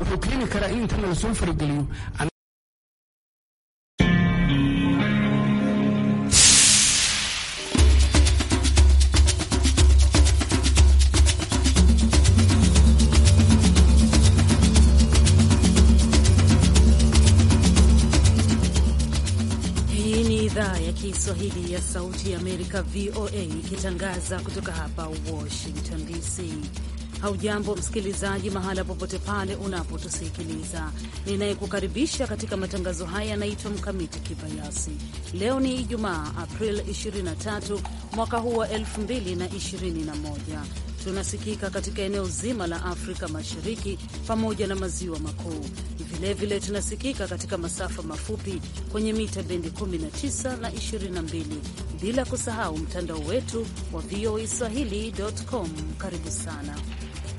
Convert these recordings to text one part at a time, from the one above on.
wuxuu keeni karaa in intan lasoo farageliyo Kiswahili ya Sauti ya Amerika, VOA, ikitangaza kutoka hapa Washington DC. Haujambo msikilizaji, mahala popote pale unapotusikiliza, ninayekukaribisha katika matangazo haya yanaitwa Mkamiti Kibayasi. Leo ni Ijumaa, April 23 mwaka huu wa 2021. Tunasikika katika eneo zima la Afrika Mashariki pamoja na maziwa makuu. Vilevile tunasikika katika masafa mafupi kwenye mita bendi 19 na 22, bila kusahau mtandao wetu wa voa swahili.com. Karibu sana.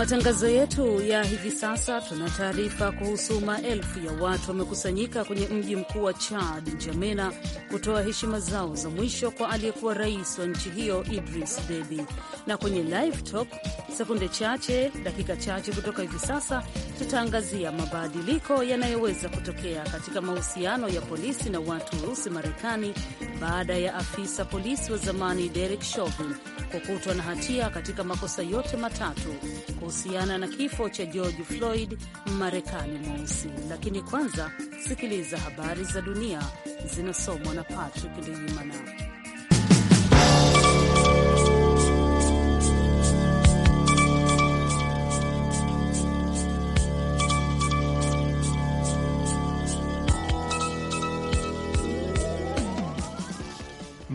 matangazo yetu ya hivi sasa, tuna taarifa kuhusu maelfu ya watu wamekusanyika kwenye mji mkuu wa Chad, Njamena, kutoa heshima zao za mwisho kwa aliyekuwa rais wa nchi hiyo Idris Deby. Na kwenye live talk, sekunde chache, dakika chache kutoka hivi sasa, tutaangazia mabadiliko yanayoweza kutokea katika mahusiano ya polisi na watu weusi Marekani baada ya afisa polisi wa zamani Derek Chauvin kukutwa na hatia katika makosa yote matatu kuhusiana na kifo cha George Floyd, marekani mweusi. Lakini kwanza sikiliza habari za dunia zinasomwa na Patrick Ndimana.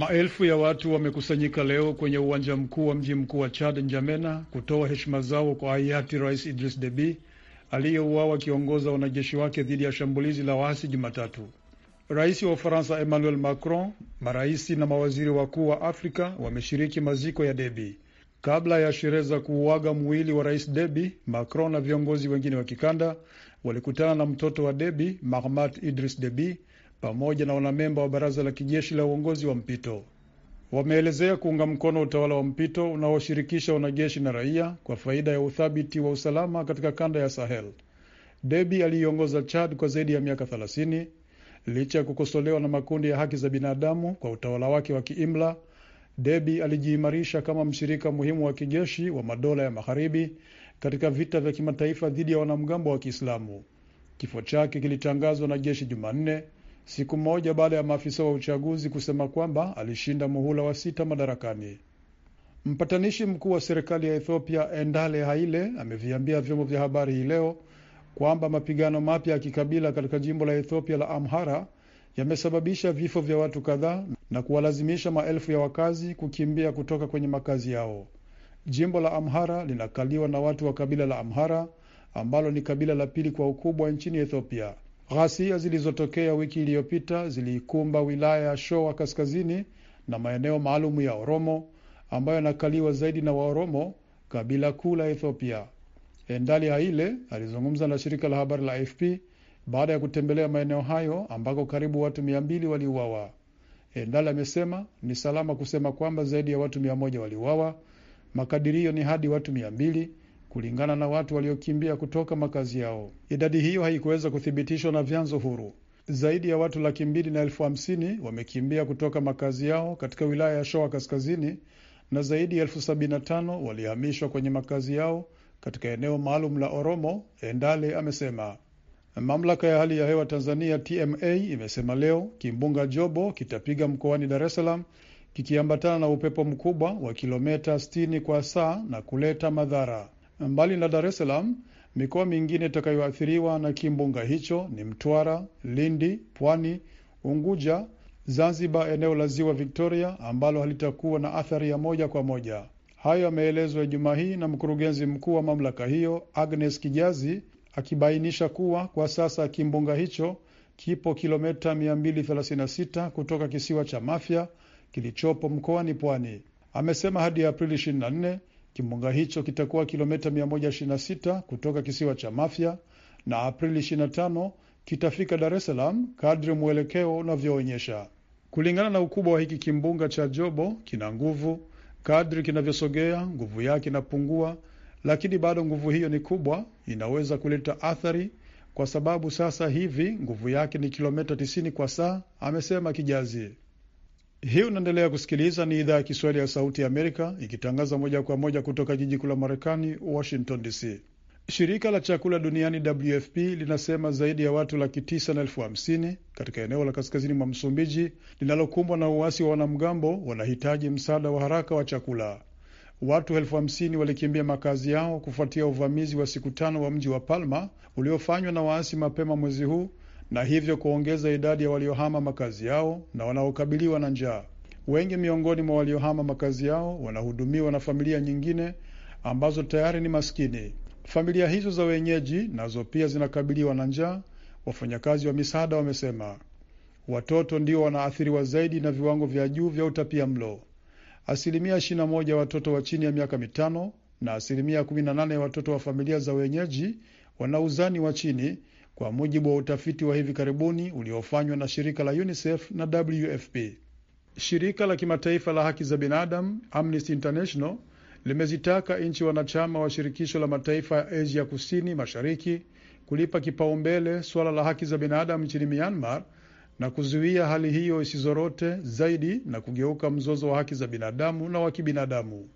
Maelfu ya watu wamekusanyika leo kwenye uwanja mkuu wa mji mkuu wa Chad, Njamena, kutoa heshima zao kwa hayati Rais Idris Deby aliyeuawa akiongoza wanajeshi wake dhidi ya shambulizi la waasi Jumatatu. Rais wa Ufaransa Emmanuel Macron, maraisi na mawaziri wakuu wa Afrika wameshiriki maziko ya Deby. Kabla ya sherehe za kuuaga mwili wa Rais Deby, Macron na viongozi wengine wa kikanda walikutana na mtoto wa Deby, Mahamat Idris Deby pamoja na wanamemba wa baraza la kijeshi la uongozi wa mpito. Wameelezea kuunga mkono utawala wa mpito unaoshirikisha wanajeshi na raia kwa faida ya uthabiti wa usalama katika kanda ya Sahel. Debi aliiongoza Chad kwa zaidi ya miaka 30 licha ya kukosolewa na makundi ya haki za binadamu kwa utawala wake wa kiimla. Debi alijiimarisha kama mshirika muhimu wa kijeshi wa madola ya magharibi katika vita vya kimataifa dhidi ya wanamgambo wa Kiislamu. Kifo chake kilitangazwa na jeshi Jumanne siku moja baada ya maafisa wa uchaguzi kusema kwamba alishinda muhula wa sita madarakani. Mpatanishi mkuu wa serikali ya Ethiopia Endale Haile ameviambia vyombo vya habari hii leo kwamba mapigano mapya ya kikabila katika jimbo la Ethiopia la Amhara yamesababisha vifo vya watu kadhaa na kuwalazimisha maelfu ya wakazi kukimbia kutoka kwenye makazi yao. Jimbo la Amhara linakaliwa na watu wa kabila la Amhara ambalo ni kabila la pili kwa ukubwa nchini Ethiopia. Ghasia zilizotokea wiki iliyopita ziliikumba wilaya ya showa kaskazini na maeneo maalumu ya Oromo ambayo yanakaliwa zaidi na Waoromo, kabila kuu la Ethiopia. Endali Haile alizungumza na shirika la habari la AFP baada ya kutembelea maeneo hayo ambako karibu watu mia mbili waliuawa. Endali amesema ni salama kusema kwamba zaidi ya watu mia moja waliuawa, makadirio ni hadi watu mia mbili kulingana na watu waliokimbia kutoka makazi yao. Idadi hiyo haikuweza kuthibitishwa na vyanzo huru. Zaidi ya watu laki mbili na elfu hamsini wamekimbia kutoka makazi yao katika wilaya ya Shoa Kaskazini, na zaidi ya elfu sabini na tano walihamishwa kwenye makazi yao katika eneo maalum la Oromo. Endale amesema mamlaka ya hali ya hewa Tanzania TMA imesema leo kimbunga Jobo kitapiga mkoani Dar es Salaam kikiambatana na upepo mkubwa wa kilometa 60 kwa saa na kuleta madhara. Mbali na Dar es Salaam, mikoa mingine itakayoathiriwa na kimbunga hicho ni Mtwara, Lindi, Pwani, Unguja, Zanzibar, eneo la ziwa Victoria ambalo halitakuwa na athari ya moja kwa moja. Hayo yameelezwa Ijumaa hii na mkurugenzi mkuu wa mamlaka hiyo Agnes Kijazi, akibainisha kuwa kwa sasa kimbunga hicho kipo kilomita 236 kutoka kisiwa cha Mafia kilichopo mkoani Pwani. Amesema hadi Aprili Kimbunga hicho kitakuwa kilomita 126 kutoka kisiwa cha Mafia na Aprili 25 kitafika Dar es Salaam kadri mwelekeo unavyoonyesha. Kulingana na ukubwa wa hiki kimbunga cha Jobo, kina nguvu. Kadri kinavyosogea, nguvu yake inapungua, lakini bado nguvu hiyo ni kubwa, inaweza kuleta athari kwa sababu sasa hivi nguvu yake ni kilomita 90 kwa saa, amesema Kijazi. Hii unaendelea kusikiliza, ni idhaa ya Kiswahili ya Sauti ya Amerika ikitangaza moja kwa moja kutoka jiji kuu la Marekani, Washington DC. Shirika la chakula duniani WFP linasema zaidi ya watu laki tisa na elfu hamsini katika eneo la kaskazini mwa Msumbiji linalokumbwa na uasi wa wanamgambo wanahitaji msaada wa haraka wa chakula. Watu elfu hamsini walikimbia makazi yao kufuatia uvamizi wa siku tano wa mji wa Palma uliofanywa na waasi mapema mwezi huu na hivyo kuongeza idadi ya waliohama makazi yao na wanaokabiliwa na njaa. Wengi miongoni mwa waliohama makazi yao wanahudumiwa na familia nyingine ambazo tayari ni maskini. Familia hizo za wenyeji nazo pia zinakabiliwa na njaa, wafanyakazi wa misaada wamesema. Watoto ndio wanaathiriwa zaidi na viwango vya juu vya utapia mlo. Asilimia 21 ya watoto wa chini ya miaka mitano na asilimia 18 ya watoto wa familia za wenyeji wana uzani wa chini kwa mujibu wa utafiti wa hivi karibuni uliofanywa na shirika la UNICEF na WFP. Shirika la kimataifa la haki za binadamu Amnesty International limezitaka nchi wanachama wa shirikisho la mataifa ya Asia Kusini Mashariki kulipa kipaumbele suala la haki za binadamu nchini Myanmar na kuzuia hali hiyo isizorote zaidi na kugeuka mzozo wa haki za binadamu na wa kibinadamu.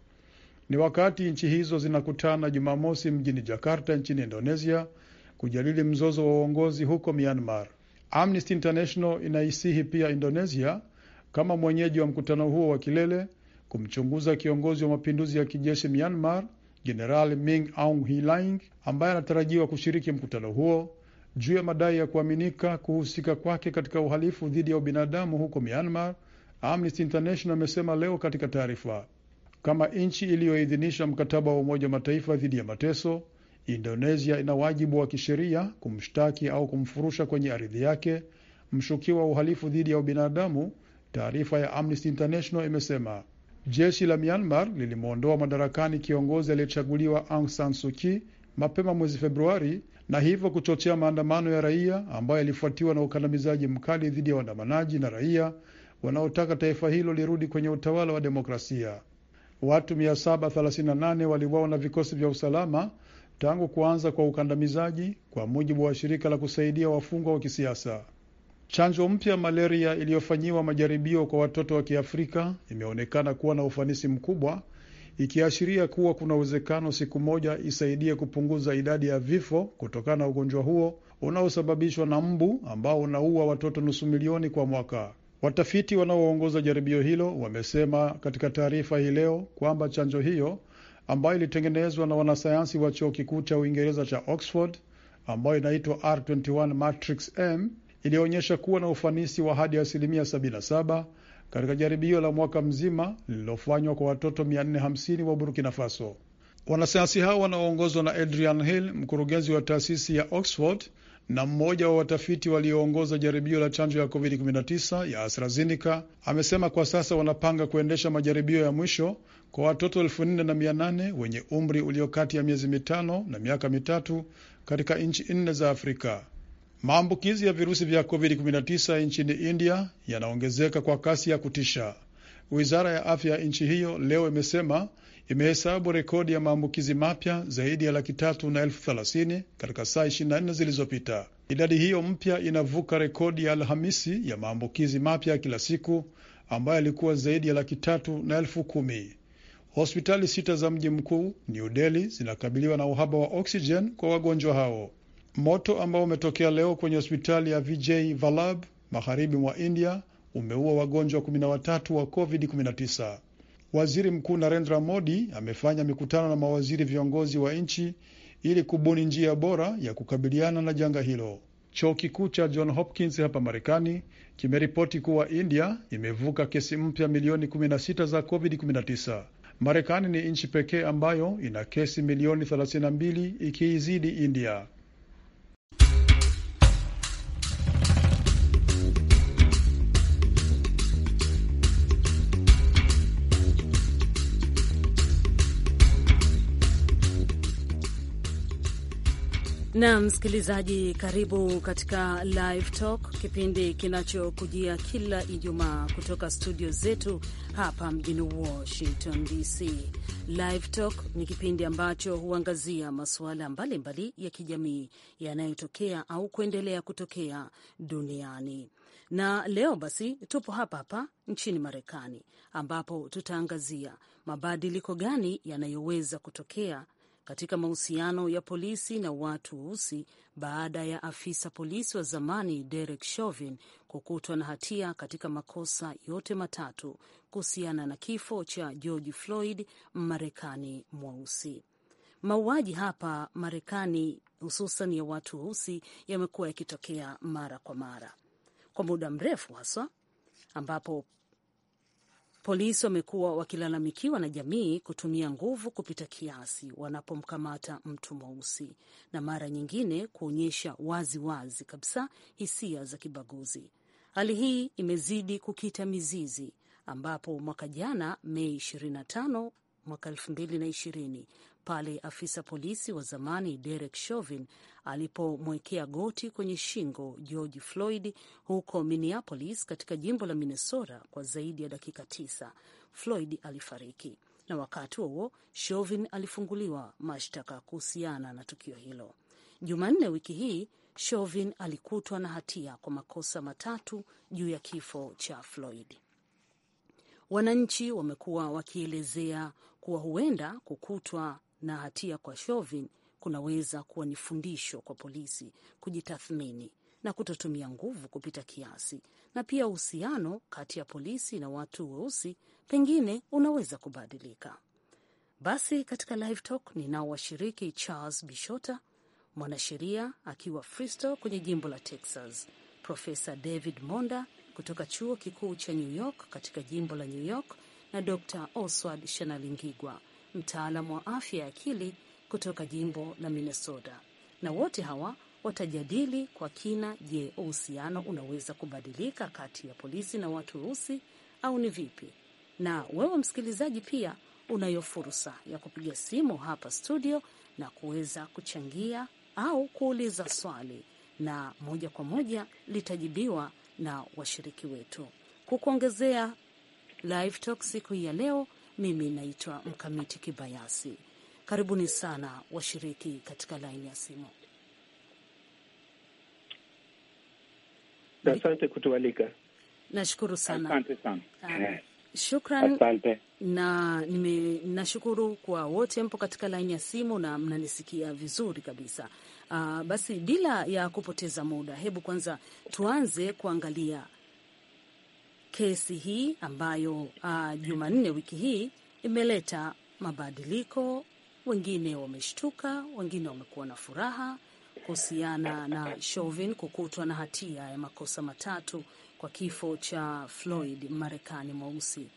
Ni wakati nchi hizo zinakutana Jumamosi mjini Jakarta nchini Indonesia kujadili mzozo wa uongozi huko Myanmar. Amnesty International inaisihi pia Indonesia kama mwenyeji wa mkutano huo wa kilele kumchunguza kiongozi wa mapinduzi ya kijeshi Myanmar, Jenerali Min Aung Hlaing ambaye anatarajiwa kushiriki mkutano huo juu ya madai ya kuaminika kuhusika kwake katika uhalifu dhidi ya ubinadamu huko Myanmar. Amnesty International amesema leo katika taarifa, kama nchi iliyoidhinisha mkataba wa Umoja Mataifa dhidi ya mateso Indonesia ina wajibu wa kisheria kumshtaki au kumfurusha kwenye ardhi yake mshukiwa wa uhalifu dhidi ya ubinadamu, taarifa ya Amnesty International imesema. Jeshi la Myanmar lilimwondoa madarakani kiongozi aliyechaguliwa Aung San Suu Kyi mapema mwezi Februari na hivyo kuchochea maandamano ya raia ambayo yalifuatiwa na ukandamizaji mkali dhidi ya waandamanaji na raia wanaotaka taifa hilo lirudi kwenye utawala wa demokrasia. Watu 738 waliuawa na vikosi vya usalama tangu kuanza kwa ukandamizaji, kwa mujibu wa shirika la kusaidia wafungwa wa kisiasa. Chanjo mpya ya malaria iliyofanyiwa majaribio kwa watoto wa Kiafrika imeonekana kuwa na ufanisi mkubwa, ikiashiria kuwa kuna uwezekano siku moja isaidie kupunguza idadi ya vifo kutokana na ugonjwa huo unaosababishwa na mbu ambao unaua watoto nusu milioni kwa mwaka. Watafiti wanaoongoza jaribio hilo wamesema katika taarifa hii leo kwamba chanjo hiyo ambayo ilitengenezwa na wanasayansi wa chuo kikuu cha Uingereza cha Oxford ambayo inaitwa R21 Matrix M iliyoonyesha kuwa na ufanisi wa hadi asilimia 77 katika jaribio la mwaka mzima lililofanywa kwa watoto 450 wa Burkina Faso. Wanasayansi hao wanaoongozwa na Adrian Hill, mkurugenzi wa taasisi ya Oxford, na mmoja wa watafiti walioongoza jaribio la chanjo ya COVID-19 ya AstraZeneca amesema kwa sasa wanapanga kuendesha majaribio ya mwisho kwa watoto elfu nne na mia nane wenye umri ulio kati ya miezi mitano na miaka mitatu katika nchi nne za Afrika. Maambukizi ya virusi vya COVID-19 nchini India yanaongezeka kwa kasi ya kutisha. Wizara ya afya ya nchi hiyo leo imesema imehesabu rekodi ya maambukizi mapya zaidi ya laki tatu na elfu thelathini katika saa 24 zilizopita. Idadi hiyo mpya inavuka rekodi ya Alhamisi ya maambukizi mapya kila siku ambayo ilikuwa zaidi ya laki tatu na elfu kumi. Hospitali sita za mji mkuu New Delhi zinakabiliwa na uhaba wa oksijen kwa wagonjwa hao. Moto ambao umetokea leo kwenye hospitali ya Vijay Vallabh magharibi mwa India umeua wagonjwa 13 wa COVID-19. Waziri Mkuu Narendra Modi amefanya mikutano na mawaziri viongozi wa nchi ili kubuni njia bora ya kukabiliana na janga hilo. Chuo kikuu cha John Hopkins hapa Marekani kimeripoti kuwa India imevuka kesi mpya milioni 16 za COVID-19. Marekani ni nchi pekee ambayo ina kesi milioni 32 ikiizidi India. Na msikilizaji, karibu katika Live Talk, kipindi kinachokujia kila Ijumaa kutoka studio zetu hapa mjini Washington DC. Live Talk ni kipindi ambacho huangazia masuala mbalimbali ya kijamii yanayotokea au kuendelea kutokea duniani. Na leo basi tupo hapa hapa nchini Marekani ambapo tutaangazia mabadiliko gani yanayoweza kutokea katika mahusiano ya polisi na watu weusi baada ya afisa polisi wa zamani Derek Chauvin kukutwa na hatia katika makosa yote matatu kuhusiana na kifo cha George Floyd, marekani mweusi. Mauaji hapa Marekani, hususan ya watu weusi, yamekuwa yakitokea mara kwa mara kwa muda mrefu haswa ambapo Polisi wamekuwa wakilalamikiwa na jamii kutumia nguvu kupita kiasi wanapomkamata mtu mweusi na mara nyingine kuonyesha wazi wazi kabisa hisia za kibaguzi. Hali hii imezidi kukita mizizi ambapo mwaka jana Mei 25 mwaka 2020 pale afisa polisi wa zamani Derek Chauvin alipomwekea goti kwenye shingo George Floyd huko Minneapolis katika jimbo la Minnesota kwa zaidi ya dakika tisa. Floyd alifariki na wakati huo Chauvin alifunguliwa mashtaka kuhusiana na tukio hilo. Jumanne wiki hii Chauvin alikutwa na hatia kwa makosa matatu juu ya kifo cha Floyd. Wananchi wamekuwa wakielezea kuwa huenda kukutwa na hatia kwa Chauvin kunaweza kuwa ni fundisho kwa polisi kujitathmini na kutotumia nguvu kupita kiasi, na pia uhusiano kati ya polisi na watu weusi pengine unaweza kubadilika. Basi katika Live Talk ninao washiriki Charles Bishota, mwanasheria akiwa fristo kwenye jimbo la Texas, Profesa David Monda kutoka chuo kikuu cha New York katika jimbo la New York na Dr Oswald Shanalingigwa mtaalamu wa afya ya akili kutoka jimbo la Minnesota, na wote hawa watajadili kwa kina, je, uhusiano unaweza kubadilika kati ya polisi na watu weusi au ni vipi? Na wewe msikilizaji, pia unayo fursa ya kupiga simu hapa studio na kuweza kuchangia au kuuliza swali, na moja kwa moja litajibiwa na washiriki wetu. Kukuongezea live talk siku hii ya leo mimi naitwa Mkamiti Kibayasi. Karibuni sana washiriki katika laini ya simu. Asante kutualika. Nashukuru sana, asante sana. Ah, shukran, asante. Na nime, nashukuru kwa wote mpo katika laini ya simu na mnanisikia vizuri kabisa. Uh, basi bila ya kupoteza muda, hebu kwanza tuanze kuangalia kesi hii ambayo uh, Jumanne wiki hii imeleta mabadiliko. Wengine wameshtuka, wengine wamekuwa na furaha kuhusiana na Chauvin kukutwa na hatia ya makosa matatu kwa kifo cha Floyd Marekani mweusi,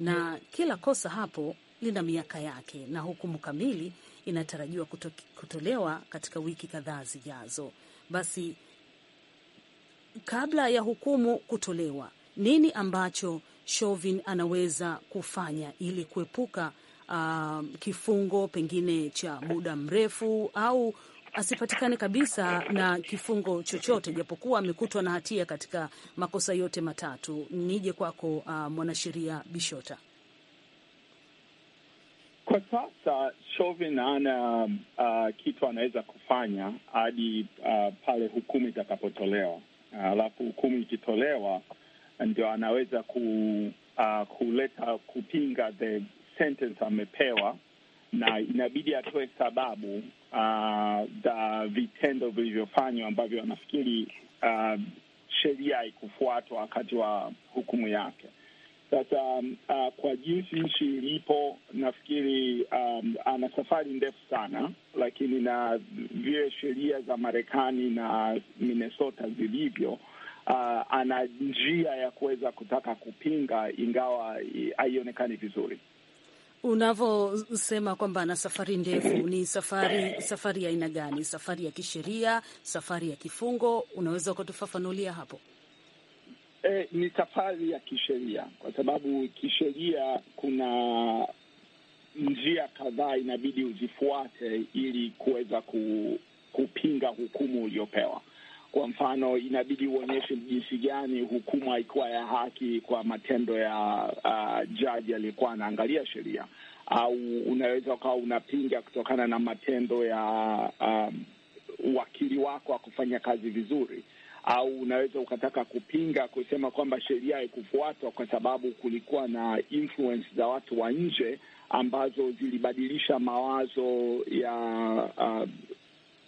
na kila kosa hapo lina miaka yake na hukumu kamili inatarajiwa kuto, kutolewa katika wiki kadhaa zijazo. Basi kabla ya hukumu kutolewa nini ambacho Chauvin anaweza kufanya ili kuepuka uh, kifungo pengine cha muda mrefu au asipatikane kabisa na kifungo chochote, japokuwa amekutwa na hatia katika makosa yote matatu. Nije kwako, uh, mwanasheria Bishota. Kwa sasa Chauvin ana uh, ah, kitu anaweza kufanya hadi uh, pale hukumu itakapotolewa, alafu uh, hukumu ikitolewa ndio anaweza ku, uh, kuleta kupinga the sentence amepewa, na inabidi atoe sababu uh, za vitendo vilivyofanywa ambavyo anafikiri uh, sheria haikufuatwa wakati wa hukumu yake. Sasa um, uh, kwa jinsi nchi ilipo nafikiri um, ana safari ndefu sana, lakini na vile sheria za Marekani na Minnesota zilivyo uh, ana njia ya kuweza kutaka kupinga, ingawa haionekani vizuri unavyosema kwamba ana safari ndefu. Ni safari safari ya aina gani? Safari ya kisheria, safari ya kifungo? Unaweza ukatufafanulia hapo? E, ni safari ya kisheria kwa sababu kisheria kuna njia kadhaa inabidi uzifuate ili kuweza ku, kupinga hukumu uliopewa. Kwa mfano, inabidi uonyeshe jinsi gani hukumu haikuwa ya haki kwa matendo ya uh, jaji aliyekuwa anaangalia sheria, au unaweza ukawa unapinga kutokana na matendo ya um, wakili wako akufanya kazi vizuri au unaweza ukataka kupinga kusema kwamba sheria haikufuatwa kwa sababu kulikuwa na influence za watu wa nje ambazo zilibadilisha mawazo ya uh,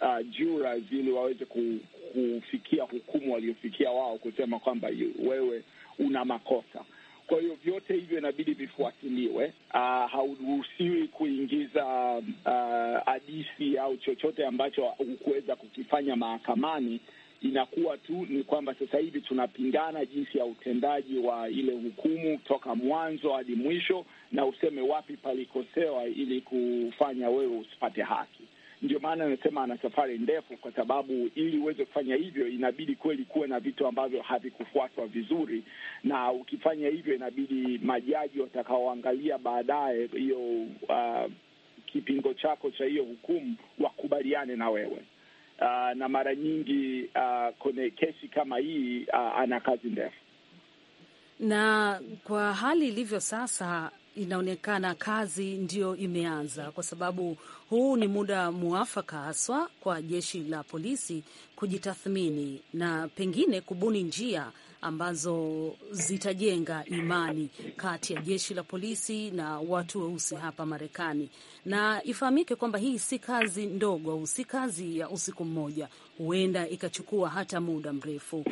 uh, jurors ili waweze kufikia hukumu waliofikia wao, kusema kwamba wewe una makosa. Kwa hiyo vyote hivyo inabidi vifuatiliwe. Uh, hauruhusiwi kuingiza uh, hadisi au chochote ambacho hukuweza kukifanya mahakamani. Inakuwa tu ni kwamba sasa hivi tunapingana jinsi ya utendaji wa ile hukumu toka mwanzo hadi mwisho, na useme wapi palikosewa ili kufanya wewe usipate haki. Ndio maana anasema ana safari ndefu, kwa sababu ili uweze kufanya hivyo inabidi kweli kuwe na vitu ambavyo havikufuatwa vizuri, na ukifanya hivyo inabidi majaji watakaoangalia baadaye hiyo uh, kipingo chako cha hiyo hukumu wakubaliane na wewe. Uh, na mara nyingi uh, kwenye kesi kama hii uh, ana kazi ndefu, na kwa hali ilivyo sasa inaonekana kazi ndiyo imeanza, kwa sababu huu ni muda mwafaka haswa kwa jeshi la polisi kujitathmini na pengine kubuni njia ambazo zitajenga imani kati ya jeshi la polisi na watu weusi hapa Marekani. Na ifahamike kwamba hii si kazi ndogo au si kazi ya usiku mmoja, huenda ikachukua hata muda mrefu.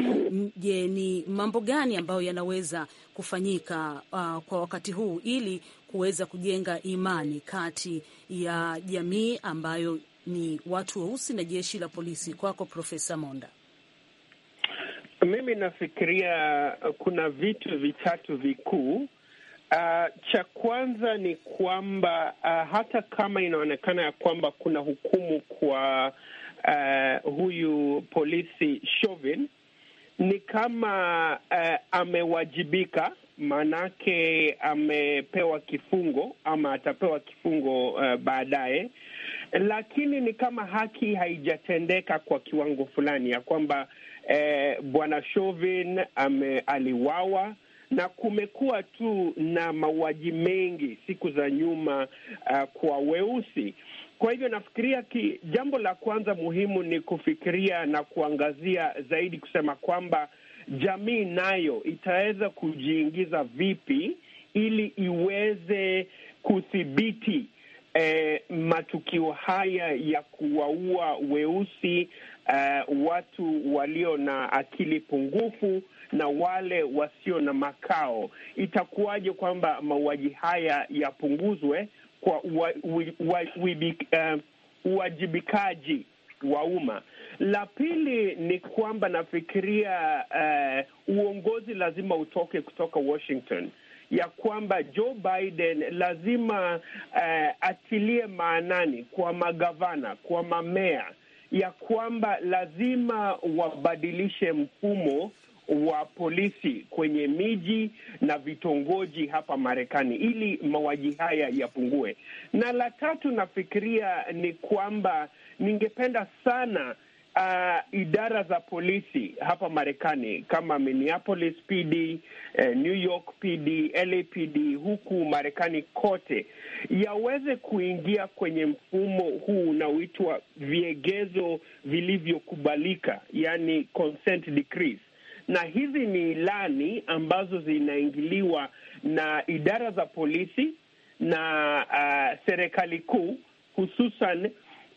Je, ni mambo gani ambayo yanaweza kufanyika uh, kwa wakati huu ili kuweza kujenga imani kati ya jamii ambayo ni watu weusi na jeshi la polisi? Kwako Profesa Monda. Mimi nafikiria uh, kuna vitu vitatu vikuu. Uh, cha kwanza ni kwamba uh, hata kama inaonekana ya kwamba kuna hukumu kwa uh, huyu polisi Chauvin ni kama uh, amewajibika, maanake amepewa kifungo ama atapewa kifungo uh, baadaye, lakini ni kama haki haijatendeka kwa kiwango fulani, ya kwamba eh, bwana Chauvin aliwawa na kumekuwa tu na mauaji mengi siku za nyuma uh, kwa weusi. Kwa hivyo nafikiria ki, jambo la kwanza muhimu ni kufikiria na kuangazia zaidi kusema kwamba jamii nayo itaweza kujiingiza vipi ili iweze kudhibiti eh, matukio haya ya kuwaua weusi uh, watu walio na akili pungufu na wale wasio na makao. Itakuwaje kwamba mauaji haya yapunguzwe kwa eh, uwajibikaji uh, wa umma. La pili ni kwamba nafikiria uh, uongozi lazima utoke kutoka Washington, ya kwamba Joe Biden lazima uh, atilie maanani kwa magavana, kwa mamea ya kwamba lazima wabadilishe mfumo wa polisi kwenye miji na vitongoji hapa Marekani ili mauaji haya yapungue. Na la tatu, nafikiria ni kwamba ningependa sana uh, idara za polisi hapa Marekani kama Minneapolis PD, eh, New York PD, LAPD huku Marekani kote yaweze kuingia kwenye mfumo huu unaoitwa viegezo vilivyokubalika, yani consent decrees na hizi ni ilani ambazo zinaingiliwa na idara za polisi na uh, serikali kuu hususan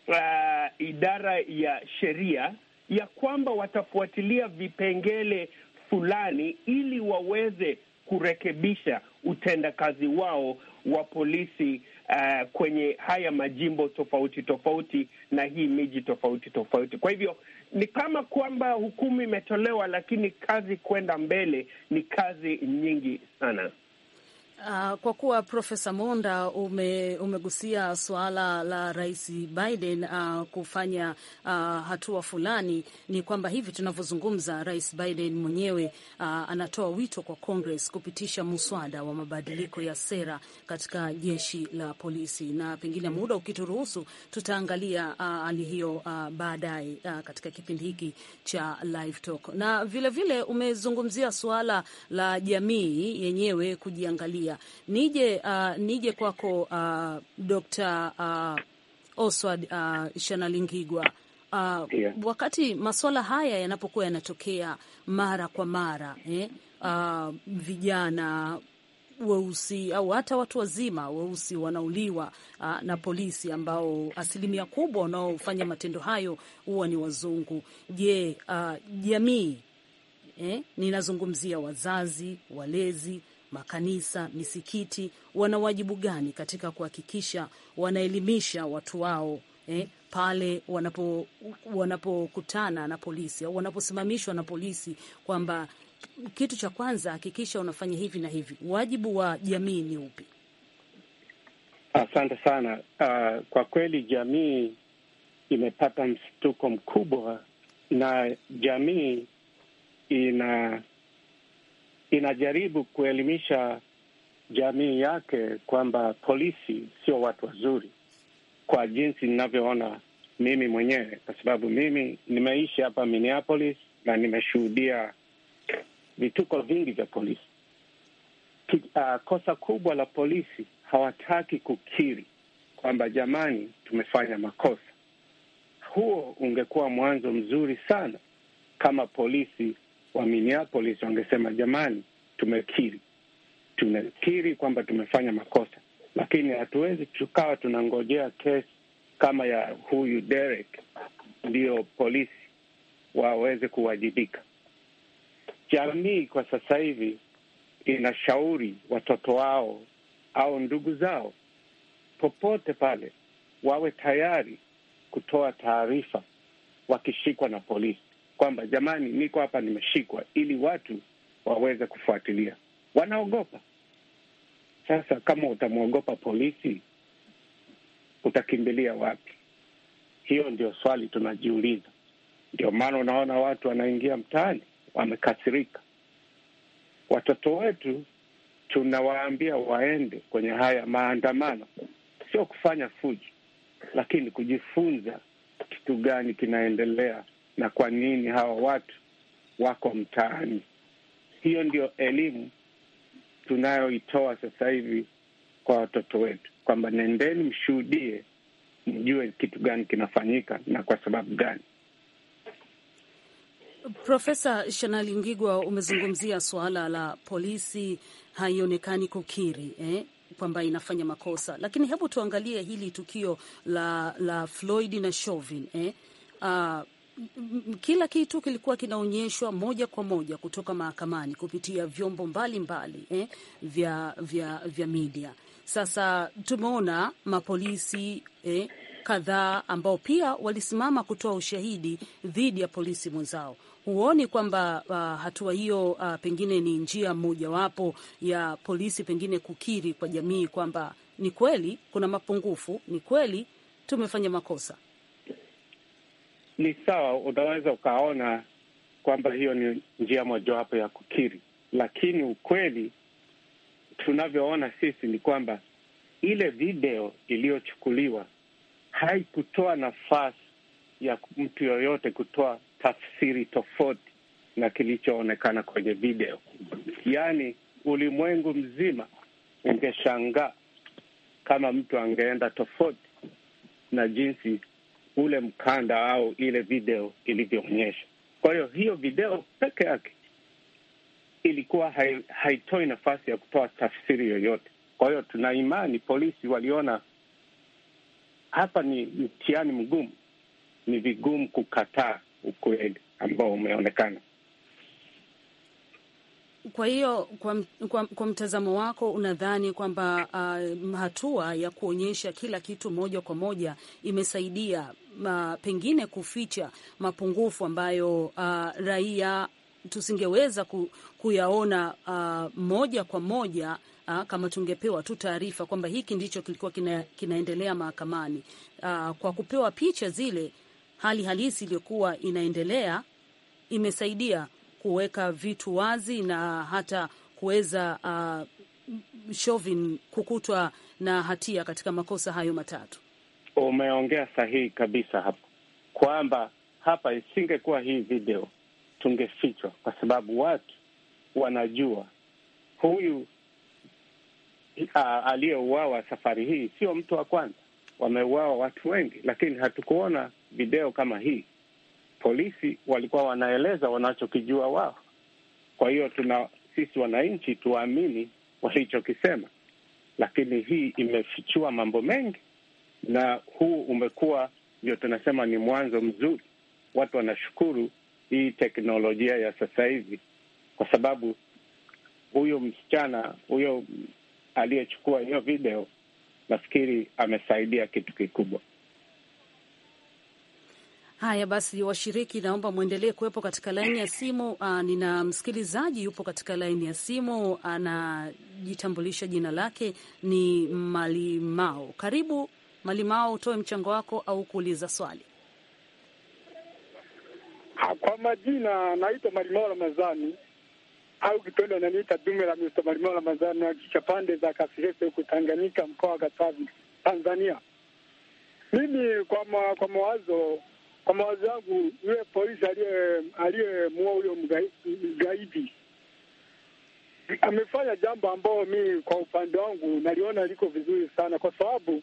uh, idara ya sheria ya kwamba watafuatilia vipengele fulani ili waweze kurekebisha utendakazi wao wa polisi uh, kwenye haya majimbo tofauti tofauti na hii miji tofauti tofauti. Kwa hivyo ni kama kwamba hukumu imetolewa, lakini kazi kwenda mbele ni kazi nyingi sana. Uh, kwa kuwa Profesa Monda ume, umegusia suala la Rais Biden uh, kufanya uh, hatua fulani, ni kwamba hivi tunavyozungumza, Rais Biden mwenyewe uh, anatoa wito kwa Congress kupitisha muswada wa mabadiliko ya sera katika jeshi la polisi, na pengine muda ukituruhusu tutaangalia hali uh, hiyo uh, baadaye uh, katika kipindi hiki cha Live Talk, na vilevile vile umezungumzia suala la jamii yenyewe kujiangalia moja. Nije uh, nije kwako uh, Dr. uh, Oswald uh, Shanalingigwa uh, yeah. Wakati masuala haya yanapokuwa yanatokea mara kwa mara eh, uh, vijana weusi au hata watu wazima weusi wanauliwa a, uh, na polisi ambao asilimia kubwa wanaofanya matendo hayo huwa ni wazungu. Je, uh, jamii eh, ninazungumzia wazazi, walezi makanisa, misikiti wana wajibu gani katika kuhakikisha wanaelimisha watu wao eh, pale wanapo wanapokutana na polisi au wanaposimamishwa na polisi kwamba kitu cha kwanza hakikisha unafanya hivi na hivi. Wajibu wa jamii ni upi? Asante sana. Uh, kwa kweli jamii imepata mshtuko mkubwa, na jamii ina inajaribu kuelimisha jamii yake kwamba polisi sio watu wazuri, kwa jinsi ninavyoona mimi mwenyewe, kwa sababu mimi nimeishi hapa Minneapolis na nimeshuhudia vituko vingi vya polisi. Uh, kosa kubwa la polisi, hawataki kukiri kwamba jamani, tumefanya makosa. Huo ungekuwa mwanzo mzuri sana kama polisi wa Minneapolis wangesema jamani, tumekiri, tumekiri kwamba tumefanya makosa, lakini hatuwezi tukawa tunangojea kesi kama ya huyu Derek ndiyo polisi waweze kuwajibika. Jamii kwa sasa hivi inashauri watoto wao au ndugu zao popote pale wawe tayari kutoa taarifa wakishikwa na polisi kwamba jamani, niko hapa nimeshikwa, ili watu waweze kufuatilia. Wanaogopa. Sasa kama utamwogopa polisi, utakimbilia wapi? Hiyo ndio swali tunajiuliza. Ndio maana unaona watu wanaingia mtaani, wamekasirika. Watoto wetu tunawaambia waende kwenye haya maandamano, sio kufanya fujo, lakini kujifunza kitu gani kinaendelea na kwa nini hawa watu wako mtaani. Hiyo ndio elimu tunayoitoa sasa hivi kwa watoto wetu, kwamba nendeni mshuhudie, mjue kitu gani kinafanyika na kwa sababu gani. Profesa Shanali umezungumzia suala la polisi haionekani kukiri eh, kwamba inafanya makosa, lakini hebu tuangalie hili tukio la la Floyd na Chauvin eh. Uh, kila kitu kilikuwa kinaonyeshwa moja kwa moja kutoka mahakamani kupitia vyombo mbalimbali mbali, eh, vya, vya, vya media. Sasa tumeona mapolisi eh, kadhaa ambao pia walisimama kutoa ushahidi dhidi ya polisi mwenzao. Huoni kwamba uh, hatua hiyo uh, pengine ni njia mojawapo ya polisi pengine kukiri kwa jamii kwamba ni kweli kuna mapungufu, ni kweli tumefanya makosa? ni sawa, unaweza ukaona kwamba hiyo ni njia mojawapo ya kukiri, lakini ukweli tunavyoona sisi ni kwamba ile video iliyochukuliwa haikutoa nafasi ya mtu yoyote kutoa tafsiri tofauti na kilichoonekana kwenye video. Yaani, ulimwengu mzima ungeshangaa kama mtu angeenda tofauti na jinsi ule mkanda au ile video ilivyoonyesha. Kwa hiyo hiyo video peke yake ilikuwa hai, haitoi nafasi ya kutoa tafsiri yoyote. Kwa hiyo tuna imani polisi waliona hapa ni mtihani mgumu, ni vigumu kukataa ukweli ambao umeonekana. Kwa hiyo kwa, kwa, kwa mtazamo wako unadhani kwamba uh, hatua ya kuonyesha kila kitu moja kwa moja imesaidia uh, pengine kuficha mapungufu ambayo uh, raia tusingeweza ku, kuyaona uh, moja kwa moja uh, kama tungepewa tu taarifa kwamba hiki ndicho kilikuwa kina, kinaendelea mahakamani uh, kwa kupewa picha zile hali halisi iliyokuwa inaendelea imesaidia kuweka vitu wazi na hata kuweza uh, Chauvin kukutwa na hatia katika makosa hayo matatu. Umeongea sahihi kabisa hapo kwamba hapa isingekuwa hii video tungefichwa, kwa sababu watu wanajua huyu uh, aliyeuawa safari hii sio mtu wa kwanza. Wameuawa watu wengi, lakini hatukuona video kama hii polisi walikuwa wanaeleza wanachokijua wao. Kwa hiyo tuna sisi wananchi tuwaamini walichokisema, lakini hii imefichua mambo mengi, na huu umekuwa ndio tunasema ni mwanzo mzuri. Watu wanashukuru hii teknolojia ya sasa hivi, kwa sababu huyo msichana huyo aliyechukua hiyo video nafikiri amesaidia kitu kikubwa. Haya basi, washiriki, naomba mwendelee kuwepo katika laini ya simu. Uh, nina msikilizaji yupo katika laini ya simu, anajitambulisha jina lake ni Malimao. Karibu Malimao, utoe mchango wako au kuuliza swali. Ha, kwa majina naitwa Malimao ramazani au kipendo naniita dume la Mr. Malimao Ramazani, naakisha pande za Kasirese huku Tanganyika, mkoa wa Katavi, Tanzania. Mimi kwa ma, kwa mawazo kwa mawazo yangu, yule polisi aliyemua huyo mgaidi amefanya jambo ambayo mi kwa upande wangu naliona liko vizuri sana, kwa sababu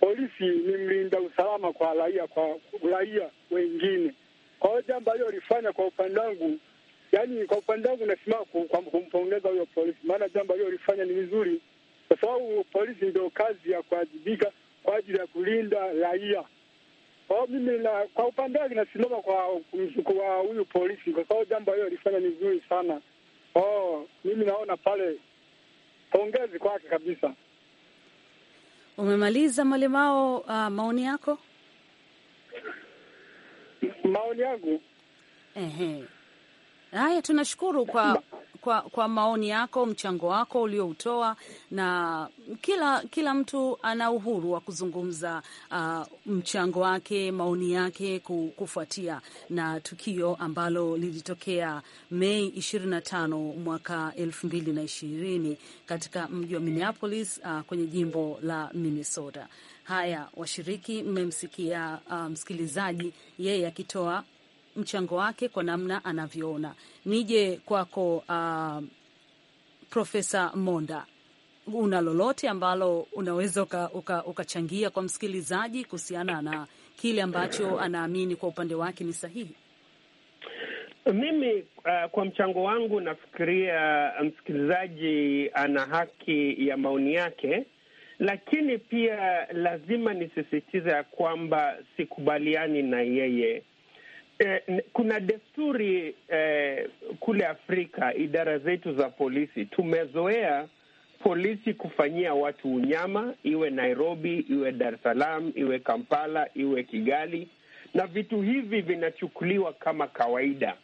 polisi ni mlinda usalama kwa raia, kwa raia wengine. Kwa hiyo jambo aliyolifanya kwa upande wangu, yani kwa upande wangu nasimama kumpongeza huyo polisi, maana jambo aliyolifanya ni vizuri, kwa sababu polisi ndio kazi ya kuwajibika kwa ajili ya kulinda raia. Kwa mimi na kwa upande wake nasimama kwa mzuko wa huyu polisi, kwa sababu jambo hilo alifanya ni zuri sana. Oh, mimi naona pale pongezi kwake kabisa. Umemaliza Malimao, uh, maoni yako? Maoni yangu, ehe. Haya, tunashukuru kwa kwa, kwa maoni yako, mchango wako ulioutoa, na kila kila mtu ana uhuru wa kuzungumza uh, mchango wake, maoni yake kufuatia na tukio ambalo lilitokea Mei 25 mwaka 2020 katika mji wa Minneapolis uh, kwenye jimbo la Minnesota. Haya, washiriki mmemsikia uh, msikilizaji yeye akitoa mchango wake kwa namna anavyoona. Nije kwako uh, Profesa Monda, una lolote ambalo unaweza ukachangia uka, uka kwa msikilizaji kuhusiana na kile ambacho anaamini kwa upande wake ni sahihi? Mimi uh, kwa mchango wangu nafikiria msikilizaji ana haki ya maoni yake, lakini pia lazima nisisitiza ya kwamba sikubaliani na yeye Eh, kuna desturi eh, kule Afrika, idara zetu za polisi tumezoea polisi kufanyia watu unyama, iwe Nairobi, iwe Dar es Salaam, iwe Kampala, iwe Kigali, na vitu hivi vinachukuliwa kama kawaida.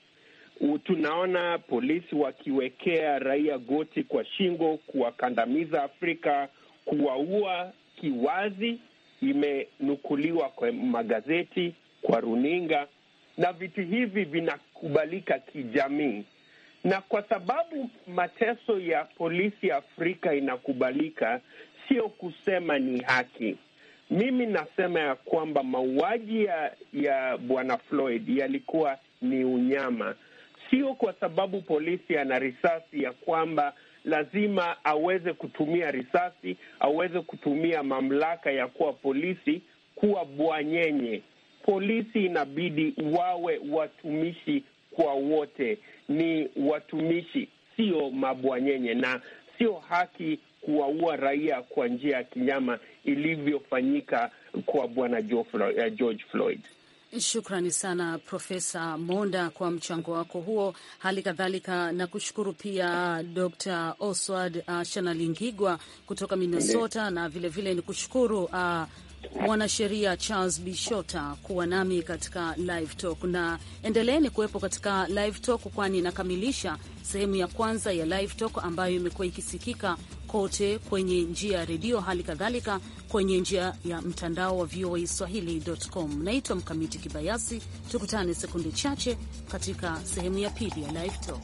Tunaona polisi wakiwekea raia goti kwa shingo, kuwakandamiza Afrika, kuwaua kiwazi, imenukuliwa kwa magazeti, kwa runinga na viti hivi vinakubalika kijamii, na kwa sababu mateso ya polisi Afrika inakubalika, sio kusema ni haki. Mimi nasema ya kwamba mauaji ya, ya bwana Floyd yalikuwa ni unyama, sio kwa sababu polisi ana risasi ya kwamba lazima aweze kutumia risasi, aweze kutumia mamlaka ya kuwa polisi kuwa bwanyenye polisi inabidi wawe watumishi kwa wote, ni watumishi, sio mabwanyenye, na sio haki kuwaua raia kwa njia ya kinyama ilivyofanyika kwa bwana eh, George Floyd. Shukrani sana Profesa Monda kwa mchango wako huo. Hali kadhalika nakushukuru pia Dr Oswald uh, Shanalingigwa kutoka Minnesota, na vilevile ni kushukuru uh, mwanasheria Charles Bishota kuwa nami katika live talk, na endeleeni kuwepo katika live talk, kwani inakamilisha sehemu ya kwanza ya live talk ambayo imekuwa ikisikika kote kwenye njia ya redio, hali kadhalika kwenye njia ya mtandao wa VOA Swahili.com. Naitwa Mkamiti Kibayasi, tukutane sekunde chache katika sehemu ya pili ya live talk.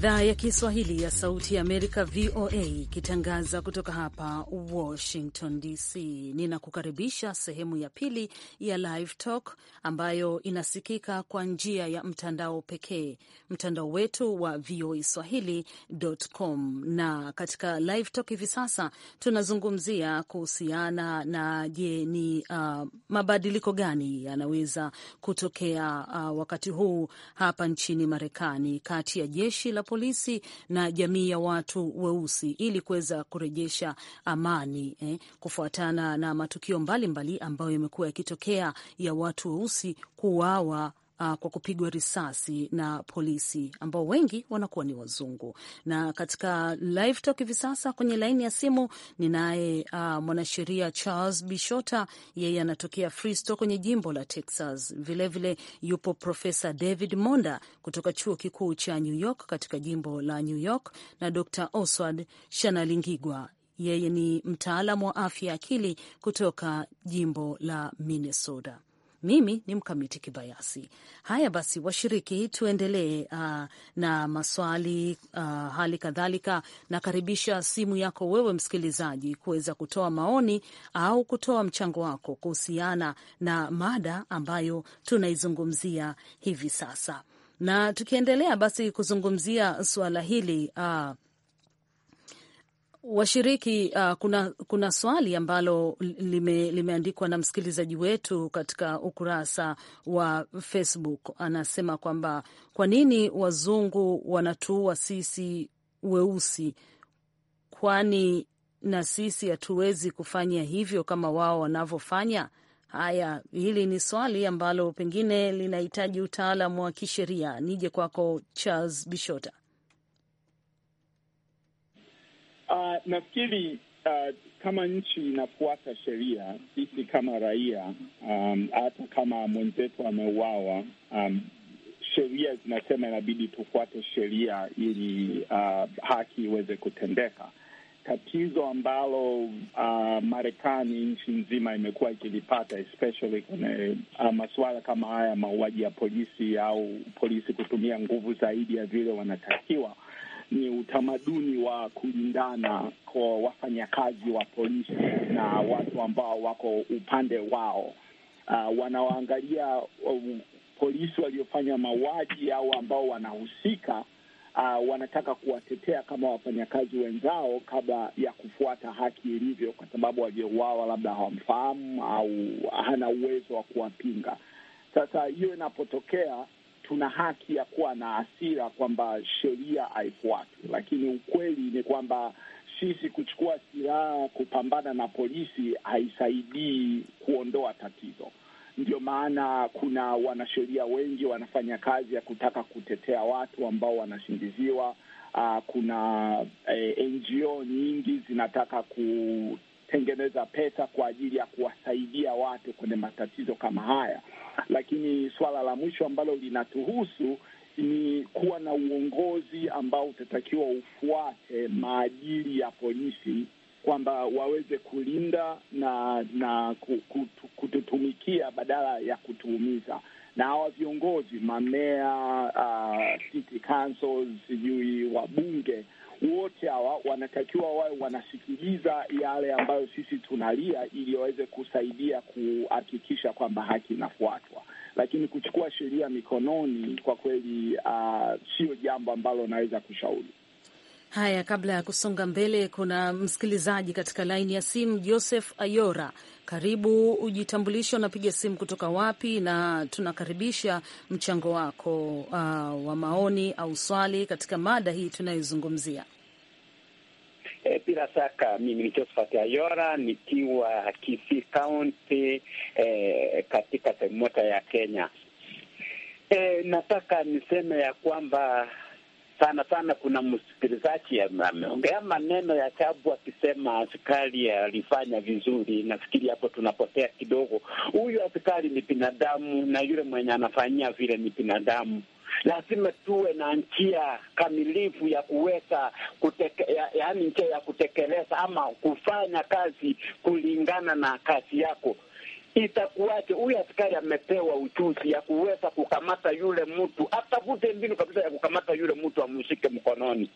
إذاعة Idhaa ya Kiswahili ya Sauti ya Amerika, VOA, ikitangaza kutoka hapa Washington DC. Ninakukaribisha sehemu ya pili ya Live Talk ambayo inasikika kwa njia ya mtandao pekee, mtandao wetu wa VOA swahili.com. Na katika Live Talk hivi sasa tunazungumzia kuhusiana na je, ni uh, mabadiliko gani yanaweza kutokea uh, wakati huu hapa nchini Marekani kati ya jeshi la polisi polisi na jamii ya watu weusi ili kuweza kurejesha amani eh, kufuatana na matukio mbalimbali mbali ambayo yamekuwa yakitokea ya watu weusi kuuawa uh, kwa kupigwa risasi na polisi ambao wengi wanakuwa ni wazungu. Na katika live talk hivi sasa kwenye laini ya simu ninaye uh, mwanasheria Charles Bishota, yeye anatokea fristo kwenye jimbo la Texas. Vilevile vile yupo Profesa David Monda kutoka chuo kikuu cha New York katika jimbo la New York na Dr Oswald Shanalingigwa yeye ni mtaalamu wa afya ya akili kutoka jimbo la Minnesota. Mimi ni Mkamiti Kibayasi. Haya basi, washiriki, tuendelee uh, na maswali uh, hali kadhalika nakaribisha simu yako wewe msikilizaji kuweza kutoa maoni au kutoa mchango wako kuhusiana na mada ambayo tunaizungumzia hivi sasa, na tukiendelea basi kuzungumzia suala hili uh, Washiriki uh, kuna, kuna swali ambalo lime, limeandikwa na msikilizaji wetu katika ukurasa wa Facebook. Anasema kwamba kwa nini wazungu wanatuua sisi weusi, kwani na sisi hatuwezi kufanya hivyo kama wao wanavyofanya? Haya, hili ni swali ambalo pengine linahitaji utaalamu wa kisheria. Nije kwako Charles Bishota. Uh, nafikiri uh, kama nchi inafuata sheria, sisi kama raia um, hata kama mwenzetu ameuawa um, sheria zinasema inabidi tufuate sheria ili uh, haki iweze kutendeka. Tatizo ambalo uh, Marekani nchi nzima imekuwa ikilipata especially kwenye uh, masuala kama haya mauaji ya polisi au polisi kutumia nguvu zaidi ya vile wanatakiwa ni utamaduni wa kulindana kwa wafanyakazi wa polisi na watu ambao wako upande wao. Uh, ah, wanawaangalia uh, polisi waliofanya mauaji au ambao wanahusika uh, wanataka kuwatetea kama wafanyakazi wenzao kabla ya kufuata haki ilivyo, kwa sababu waliouawa labda hawamfahamu au hana uwezo wa kuwapinga. Sasa hiyo inapotokea tuna haki ya kuwa na hasira kwamba sheria haifuatwi, lakini ukweli ni kwamba sisi kuchukua silaha kupambana na polisi haisaidii kuondoa tatizo. Ndio maana kuna wanasheria wengi wanafanya kazi ya kutaka kutetea watu ambao wanasingiziwa. Uh, ah, kuna eh, NGO nyingi zinataka kutengeneza pesa kwa ajili ya kuwasaidia watu kwenye matatizo kama haya, Lakini suala la mwisho ambalo linatuhusu ni kuwa na uongozi ambao utatakiwa ufuate maadili ya polisi kwamba waweze kulinda na na kututumikia badala ya kutuumiza. Na hawa viongozi mamea, uh, city council, sijui wabunge wote hawa wanatakiwa wawe wanasikiliza yale ambayo sisi tunalia, ili waweze kusaidia kuhakikisha kwamba haki inafuatwa. Lakini kuchukua sheria mikononi, kwa kweli, uh, sio jambo ambalo naweza kushauri. Haya, kabla ya kusonga mbele, kuna msikilizaji katika laini ya simu, Joseph Ayora. Karibu, ujitambulishe, unapiga simu kutoka wapi, na tunakaribisha mchango wako uh, wa maoni au swali katika mada hii tunayozungumzia. E, bila shaka mimi ni Josephat Ayora nikiwa Kisii kaunti e, eh, katika sehemu moja ya Kenya. E, nataka niseme ya kwamba sana sana. Kuna msikilizaji ameongea maneno ya tabu akisema askari alifanya vizuri. Nafikiri hapo tunapotea kidogo. Huyu askari ni binadamu na yule mwenye anafanyia vile ni binadamu. Lazima tuwe na njia kamilifu ya kuweza kuteke, ya, yaani njia ya kutekeleza ama kufanya kazi kulingana na kazi yako itakuwaje? Huyu askari amepewa ujuzi ya kuweza kukamata yule mtu, atafute mbinu kabisa ya kukamata yule mtu, amshike mkononi.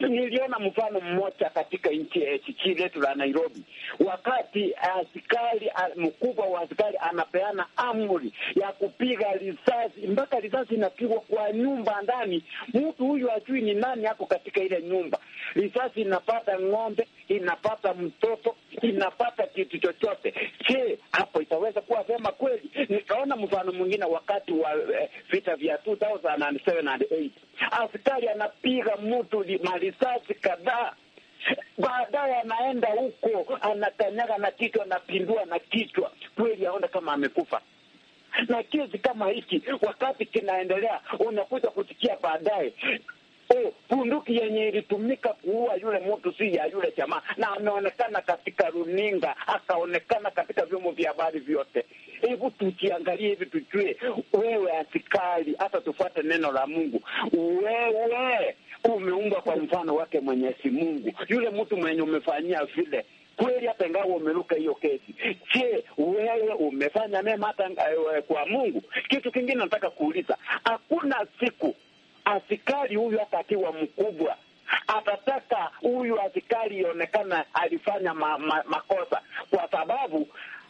Niliona mfano mmoja katika nchi ya jiji letu la Nairobi, wakati askari mkubwa wa askari anapeana amri ya kupiga risasi, mpaka risasi inapigwa kwa nyumba ndani. Mtu huyu ajui ni nani ako katika ile nyumba. Risasi inapata ng'ombe, inapata mtoto inapata kitu chochote. Je, hapo itaweza kuwa vema kweli? Nikaona mfano mwingine wakati wa eh, vita vya 2007 and 8 askari anapiga mtu marisasi kadhaa baadaye anaenda huko anakanyaga na kichwa, anapindua na kichwa, kweli aona kama amekufa. Na kizi kama hiki wakati kinaendelea, unakuja kusikia baadaye oh, bunduki yenye ilitumika kuua yule mtu si ya yule jamaa, na ameonekana katika runinga, akaonekana katika vyombo vya habari vyote. Hebu tukiangalia hivi tujue, wewe asikali, hata tufuate neno la Mungu. Wewe umeumbwa kwa mfano wake Mwenyezi Mungu, yule mtu mwenye umefanyia vile kweli hata ingawa umeruka hiyo kesi. Je, wewe umefanya mema hata eh, kwa Mungu? Kitu kingine nataka kuuliza, hakuna siku askari huyu hata akiwa mkubwa atataka huyu askari ionekana alifanya ma, ma, makosa, kwa sababu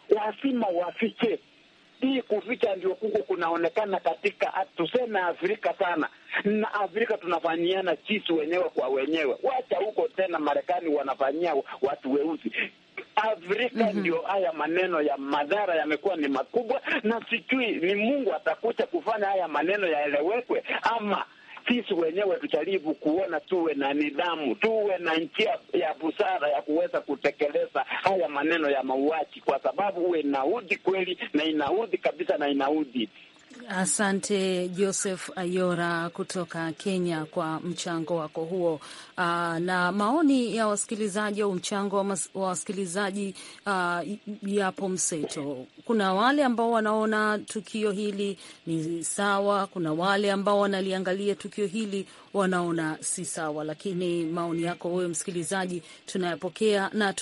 lazima wafiche hii kuficha ndio kuko kunaonekana katika tuseme Afrika sana na Afrika tunafanyiana chisi wenyewe kwa wenyewe. Wacha huko tena Marekani wanafanyia watu weusi. Afrika mm -hmm. Ndio haya maneno ya madhara yamekuwa ni makubwa, na sijui ni Mungu atakuja kufanya haya maneno yaelewekwe ama sisi wenyewe tujaribu kuona, tuwe na nidhamu, tuwe na njia ya busara ya kuweza kutekeleza haya maneno ya mauaji, kwa sababu huwe inaudhi kweli na inaudhi kabisa na inaudhi. Asante Joseph Ayora kutoka Kenya kwa mchango wako huo uh, na maoni ya wasikilizaji au mchango wa wasikilizaji uh, yapo mseto. Kuna wale ambao wanaona tukio hili ni sawa, kuna wale ambao wanaliangalia tukio hili wanaona si sawa, lakini maoni yako wewe msikilizaji tunayapokea na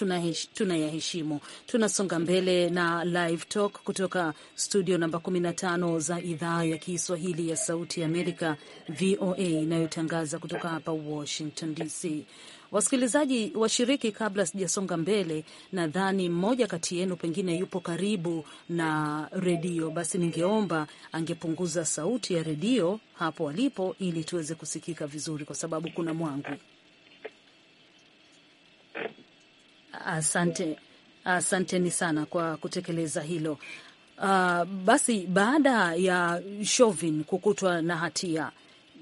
tunayaheshimu. Tunasonga mbele na live talk kutoka studio namba 15 za idhaa ya Kiswahili ya Sauti ya Amerika, VOA, inayotangaza kutoka hapa Washington DC. Wasikilizaji washiriki, kabla sijasonga mbele, nadhani mmoja kati yenu pengine yupo karibu na redio, basi ningeomba angepunguza sauti ya redio hapo alipo ili tuweze kusikika vizuri, kwa sababu kuna mwangu. Asante, asanteni sana kwa kutekeleza hilo. Uh, basi baada ya Chauvin kukutwa na hatia,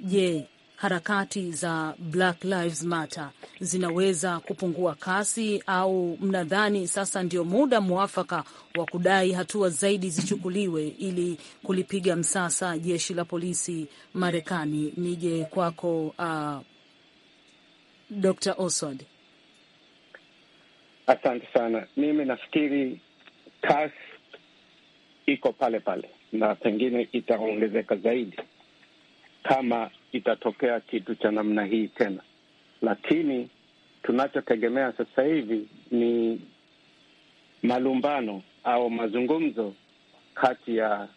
je, harakati za Black Lives Matter zinaweza kupungua kasi, au mnadhani sasa ndio muda mwafaka wa kudai hatua zaidi zichukuliwe ili kulipiga msasa jeshi la polisi Marekani? Nije kwako uh, Dr. Oswald. Asante sana. Mimi nafikiri kasi iko pale pale na pengine itaongezeka zaidi kama itatokea kitu cha namna hii tena, lakini tunachotegemea sasa hivi ni malumbano au mazungumzo kati ya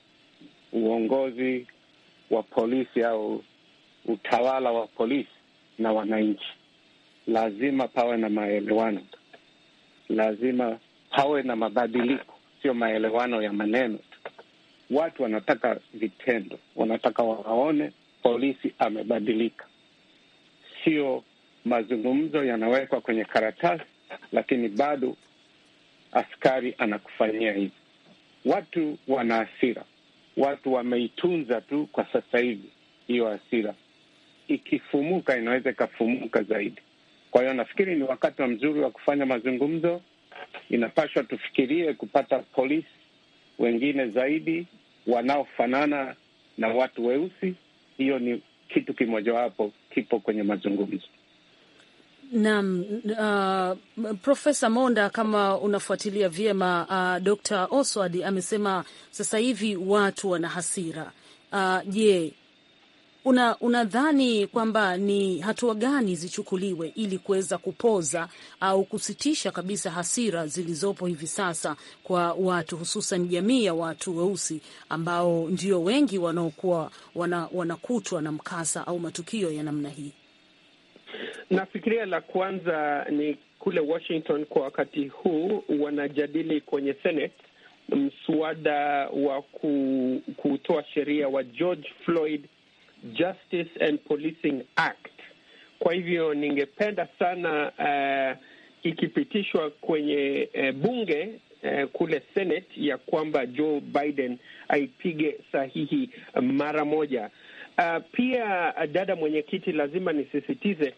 uongozi wa polisi au utawala wa polisi na wananchi. Lazima pawe na maelewano, lazima pawe na mabadiliko, sio maelewano ya maneno tu. Watu wanataka vitendo, wanataka wawaone polisi amebadilika. Sio mazungumzo yanawekwa kwenye karatasi, lakini bado askari anakufanyia hivi. Watu wana hasira, watu wameitunza tu kwa sasa hivi hiyo hasira, ikifumuka inaweza ikafumuka zaidi. Kwa hiyo nafikiri ni wakati wa mzuri wa kufanya mazungumzo. Inapaswa tufikirie kupata polisi wengine zaidi wanaofanana na watu weusi hiyo ni kitu kimojawapo kipo kwenye mazungumzo. Naam, uh, Profesa Monda, kama unafuatilia vyema uh, Dr. Oswald amesema sasa hivi watu wana hasira. Uh, je, una unadhani kwamba ni hatua gani zichukuliwe ili kuweza kupoza au kusitisha kabisa hasira zilizopo hivi sasa kwa watu, hususan jamii ya watu weusi ambao ndio wengi wanaokuwa wana, wanakutwa na mkasa au matukio ya namna hii? Nafikiria la kwanza ni kule Washington kwa wakati huu wanajadili kwenye Senate mswada wa kutoa sheria wa George Floyd Justice and Policing Act. Kwa hivyo ningependa sana uh, ikipitishwa kwenye uh, bunge uh, kule Senate ya kwamba Joe Biden aipige sahihi mara moja. Uh, pia dada mwenyekiti, lazima nisisitize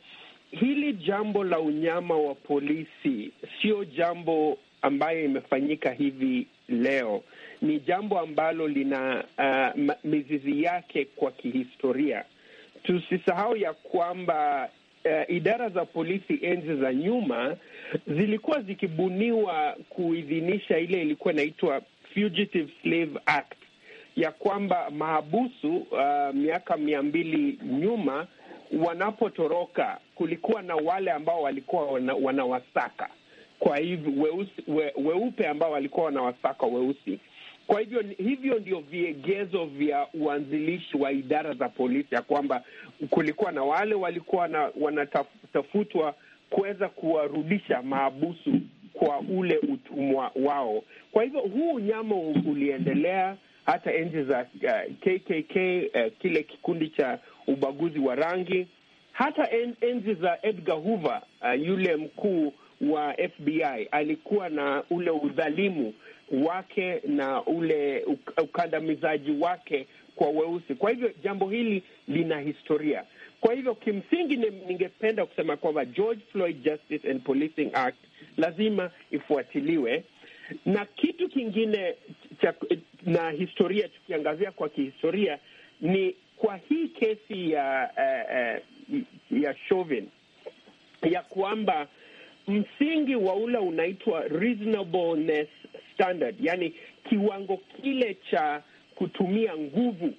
hili jambo la unyama wa polisi sio jambo ambayo imefanyika hivi leo ni jambo ambalo lina uh, mizizi yake kwa kihistoria. Tusisahau ya kwamba uh, idara za polisi enzi za nyuma zilikuwa zikibuniwa kuidhinisha ile ilikuwa inaitwa Fugitive Slave Act, ya kwamba mahabusu uh, miaka mia mbili nyuma wanapotoroka, kulikuwa na wale ambao walikuwa wanawasaka wana kwa hivyo weusi, we, weupe ambao walikuwa wanawasaka weusi. Kwa hivyo hivyo ndio viegezo vya uanzilishi wa idara za polisi, ya kwamba kulikuwa na wale walikuwa wanatafutwa kuweza kuwarudisha maabusu kwa ule utumwa wao. Kwa hivyo huu unyama uliendelea hata enzi za uh, KKK uh, kile kikundi cha ubaguzi wa rangi, hata en, enzi za Edgar Hoover uh, yule mkuu wa FBI alikuwa na ule udhalimu wake na ule ukandamizaji wake kwa weusi. Kwa hivyo jambo hili lina historia. Kwa hivyo kimsingi, ningependa kusema kwamba George Floyd Justice and Policing Act lazima ifuatiliwe, na kitu kingine cha, na historia, tukiangazia kwa kihistoria, ni kwa hii kesi ya uh, uh, ya Chauvin ya kwamba msingi wa ule unaitwa reasonableness standard, yani kiwango kile cha kutumia nguvu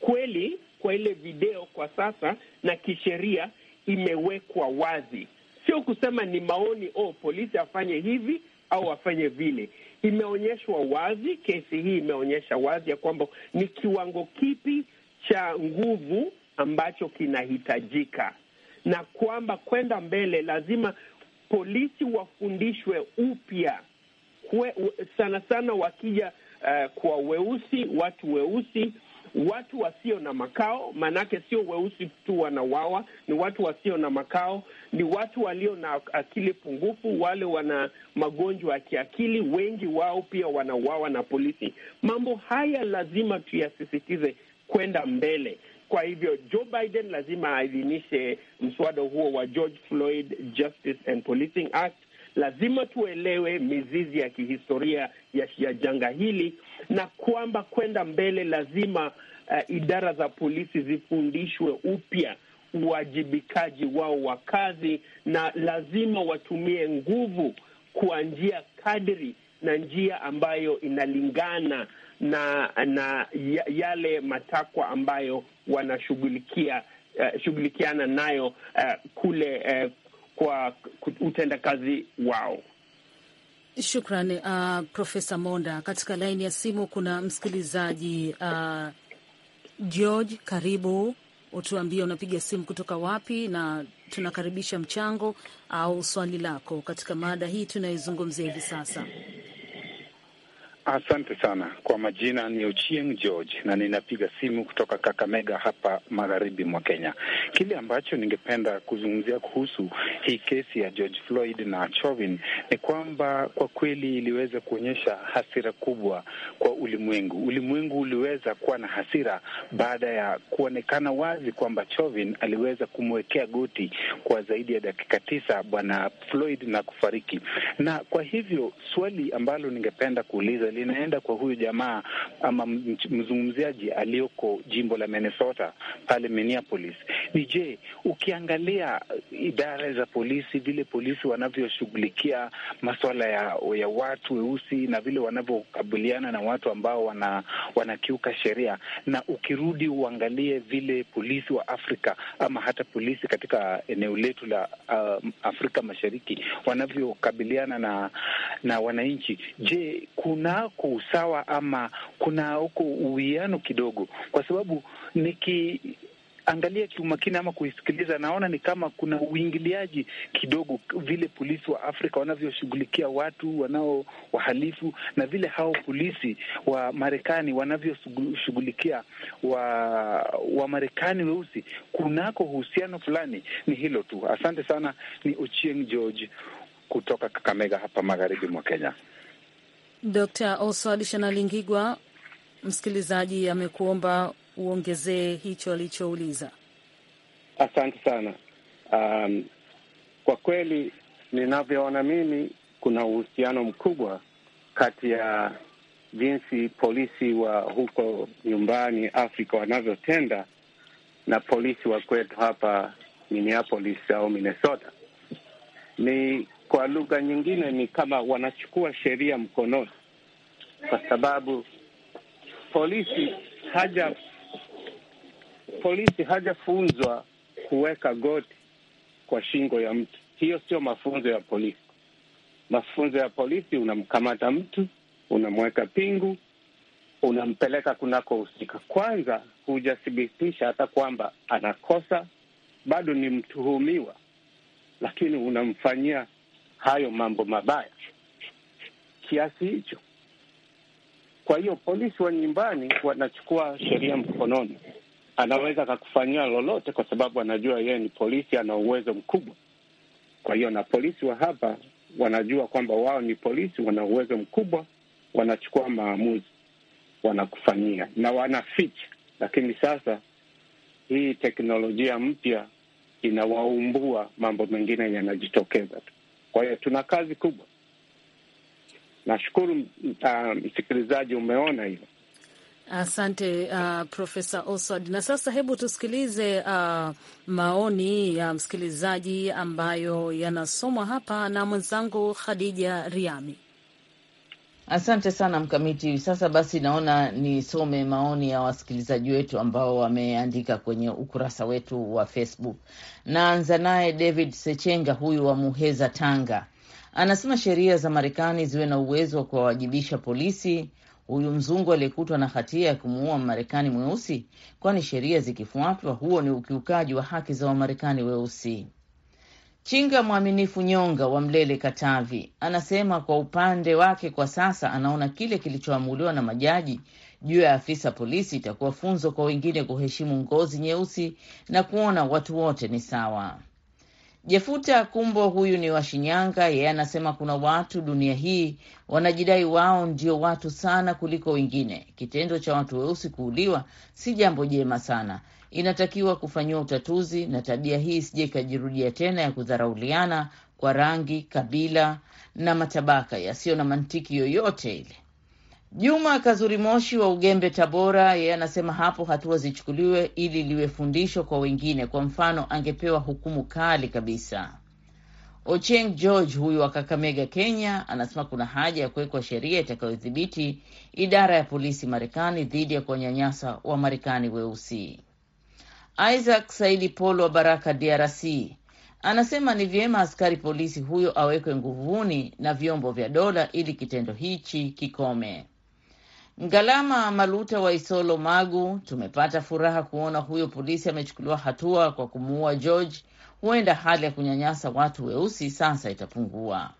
kweli kwa ile video kwa sasa na kisheria imewekwa wazi, sio kusema ni maoni oh, polisi afanye hivi au afanye vile. Imeonyeshwa wazi, kesi hii imeonyesha wazi ya kwamba ni kiwango kipi cha nguvu ambacho kinahitajika, na kwamba kwenda mbele lazima polisi wafundishwe upya sana sana, wakija uh, kwa weusi, watu weusi, watu wasio na makao. Maanake sio weusi tu wanawawa, ni watu wasio na makao, ni watu walio na akili pungufu, wale wana magonjwa ya kiakili, wengi wao pia wanawawa na polisi. Mambo haya lazima tuyasisitize kwenda mbele kwa hivyo Joe Biden lazima aidhinishe mswada huo wa George Floyd Justice and Policing Act. Lazima tuelewe mizizi ya kihistoria ya, ya janga hili na kwamba kwenda mbele lazima uh, idara za polisi zifundishwe upya uwajibikaji wao wa kazi, na lazima watumie nguvu kwa njia kadri na njia ambayo inalingana na na yale matakwa ambayo wanashughulikia uh, shughulikiana nayo uh, kule uh, kwa utendakazi wao. Shukran uh, Profesa Monda. Katika laini ya simu kuna msikilizaji uh, George, karibu utuambie unapiga simu kutoka wapi, na tunakaribisha mchango au swali lako katika mada hii tunayoizungumzia hivi sasa. Asante sana kwa majina, ni Ochieng George na ninapiga simu kutoka Kakamega hapa magharibi mwa Kenya. Kile ambacho ningependa kuzungumzia kuhusu hii kesi ya George Floyd na Chauvin ni kwamba kwa kweli iliweza kuonyesha hasira kubwa kwa ulimwengu. Ulimwengu uliweza kuwa na hasira baada ya kuonekana wazi kwamba Chauvin aliweza kumwekea goti kwa zaidi ya dakika tisa bwana Floyd na kufariki, na kwa hivyo swali ambalo ningependa kuuliza linaenda kwa huyu jamaa ama mzungumziaji aliyoko jimbo la Minnesota pale Minneapolis. Ni je, ukiangalia idara za polisi, vile polisi wanavyoshughulikia masuala ya, ya watu weusi na vile wanavyokabiliana na watu ambao wana wanakiuka sheria, na ukirudi uangalie vile polisi wa Afrika ama hata polisi katika eneo letu la uh, Afrika Mashariki wanavyokabiliana na na wananchi, je kuna kwa usawa ama kuna huko uwiano kidogo, kwa sababu nikiangalia kiumakini ama kuisikiliza, naona ni kama kuna uingiliaji kidogo, vile polisi wa Afrika wanavyoshughulikia watu wanao wahalifu na vile hao polisi wa Marekani wanavyoshughulikia wa wa Marekani weusi, kunako uhusiano fulani. Ni hilo tu, asante sana. Ni Ochieng George kutoka Kakamega hapa magharibi mwa Kenya. Dr. Oswald Shanalingigwa, msikilizaji amekuomba uongezee hicho alichouliza. Asante sana. Um, kwa kweli ninavyoona mimi kuna uhusiano mkubwa kati ya jinsi polisi wa huko nyumbani Afrika wanavyotenda na polisi wa kwetu hapa Minneapolis au Minnesota. Ni kwa lugha nyingine, ni kama wanachukua sheria mkononi kwa sababu polisi haja polisi hajafunzwa kuweka goti kwa shingo ya mtu. Hiyo sio mafunzo ya polisi. Mafunzo ya polisi, unamkamata mtu, unamweka pingu, unampeleka kunako husika Kwanza hujathibitisha hata kwamba anakosa, bado ni mtuhumiwa, lakini unamfanyia hayo mambo mabaya kiasi hicho. Kwa hiyo polisi wa nyumbani wanachukua sheria mkononi, anaweza akakufanyia lolote, kwa sababu anajua yeye ni polisi, ana uwezo mkubwa. Kwa hiyo na polisi wa hapa wanajua kwamba wao ni polisi, wana uwezo mkubwa, wanachukua maamuzi, wanakufanyia na wanaficha. Lakini sasa hii teknolojia mpya inawaumbua, mambo mengine yanajitokeza tu. Kwa hiyo tuna kazi kubwa. Nashukuru ah, msikilizaji, uh, umeona hivyo. Asante uh, Profesa Oswald. Na sasa hebu tusikilize uh, maoni ya msikilizaji ambayo yanasomwa hapa na mwenzangu Khadija Riami. Asante sana Mkamiti. Sasa basi, naona nisome maoni ya wasikilizaji wetu ambao wameandika kwenye ukurasa wetu wa Facebook. Naanza naye David Sechenga, huyu wa Muheza, Tanga anasema sheria za Marekani ziwe na uwezo wa kuwawajibisha polisi huyu mzungu aliyekutwa na hatia ya kumuua marekani mweusi, kwani sheria zikifuatwa, huo ni ukiukaji wa haki za Wamarekani weusi. Chinga Mwaminifu Nyonga wa Mlele, Katavi, anasema kwa upande wake, kwa sasa anaona kile kilichoamuliwa na majaji juu ya afisa polisi itakuwa funzo kwa wengine kuheshimu ngozi nyeusi na kuona watu wote ni sawa. Jefuta kumbo huyu ni wa Shinyanga. Yeye anasema kuna watu dunia hii wanajidai wao ndio watu sana kuliko wengine. Kitendo cha watu weusi kuuliwa si jambo jema sana, inatakiwa kufanyiwa utatuzi, na tabia hii isije ikajirudia tena ya kudharauliana kwa rangi, kabila na matabaka yasiyo na mantiki yoyote ile. Juma Kazuri Moshi wa Ugembe, Tabora, yeye anasema hapo hatua zichukuliwe ili liwe fundisho kwa wengine. Kwa mfano, angepewa hukumu kali kabisa. Ocheng George huyu wa Kakamega, Kenya, anasema kuna haja ya kuwekwa sheria itakayodhibiti idara ya polisi Marekani dhidi ya kuwanyanyasa wa Marekani weusi. Isaac Saidi Polo wa Baraka, DRC, anasema ni vyema askari polisi huyo awekwe nguvuni na vyombo vya dola ili kitendo hichi kikome. Ngalama Maluta wa Isolo Magu, tumepata furaha kuona huyo polisi amechukuliwa hatua kwa kumuua George. Huenda hali ya kunyanyasa watu weusi sasa itapungua.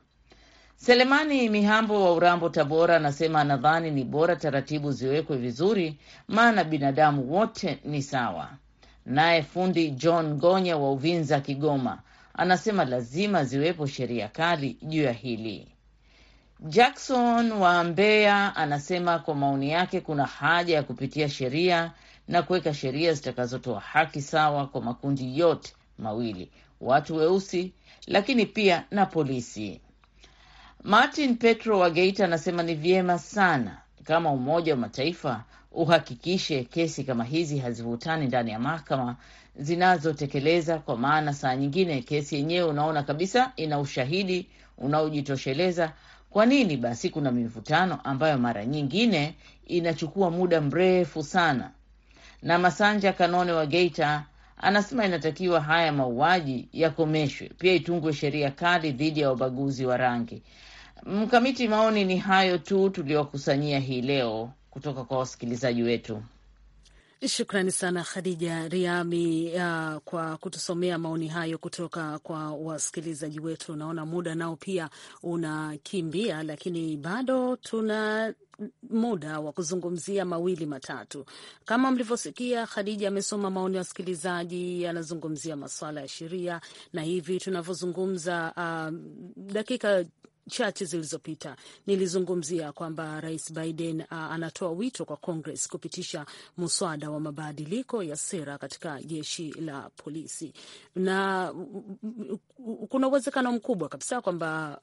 Selemani Mihambo wa Urambo, Tabora, anasema anadhani ni bora taratibu ziwekwe vizuri, maana binadamu wote ni sawa. Naye fundi John Gonya wa Uvinza, Kigoma, anasema lazima ziwepo sheria kali juu ya hili. Jackson wa Mbeya anasema kwa maoni yake kuna haja ya kupitia sheria na kuweka sheria zitakazotoa haki sawa kwa makundi yote mawili, watu weusi, lakini pia na polisi. Martin Petro wa Geita anasema ni vyema sana kama Umoja wa Mataifa uhakikishe kesi kama hizi hazivutani ndani ya mahakama zinazotekeleza, kwa maana saa nyingine kesi yenyewe unaona kabisa ina ushahidi unaojitosheleza kwa nini basi kuna mivutano ambayo mara nyingine inachukua muda mrefu sana? Na Masanja Kanone wa Geita anasema inatakiwa haya mauaji yakomeshwe, pia itungwe sheria kali dhidi ya ubaguzi wa rangi. Mkamiti, maoni ni hayo tu tuliyokusanyia hii leo kutoka kwa wasikilizaji wetu. Shukrani sana Khadija Riami uh, kwa kutusomea maoni hayo kutoka kwa wasikilizaji wetu. Naona muda nao pia unakimbia, lakini bado tuna muda wa kuzungumzia mawili matatu. Kama mlivyosikia, Khadija amesoma maoni ya wasikilizaji, anazungumzia maswala ya sheria, na hivi tunavyozungumza, uh, dakika chache zilizopita nilizungumzia kwamba Rais Biden uh, anatoa wito kwa Congress kupitisha mswada wa mabadiliko ya sera katika jeshi la polisi, na kuna uwezekano mkubwa kabisa kwamba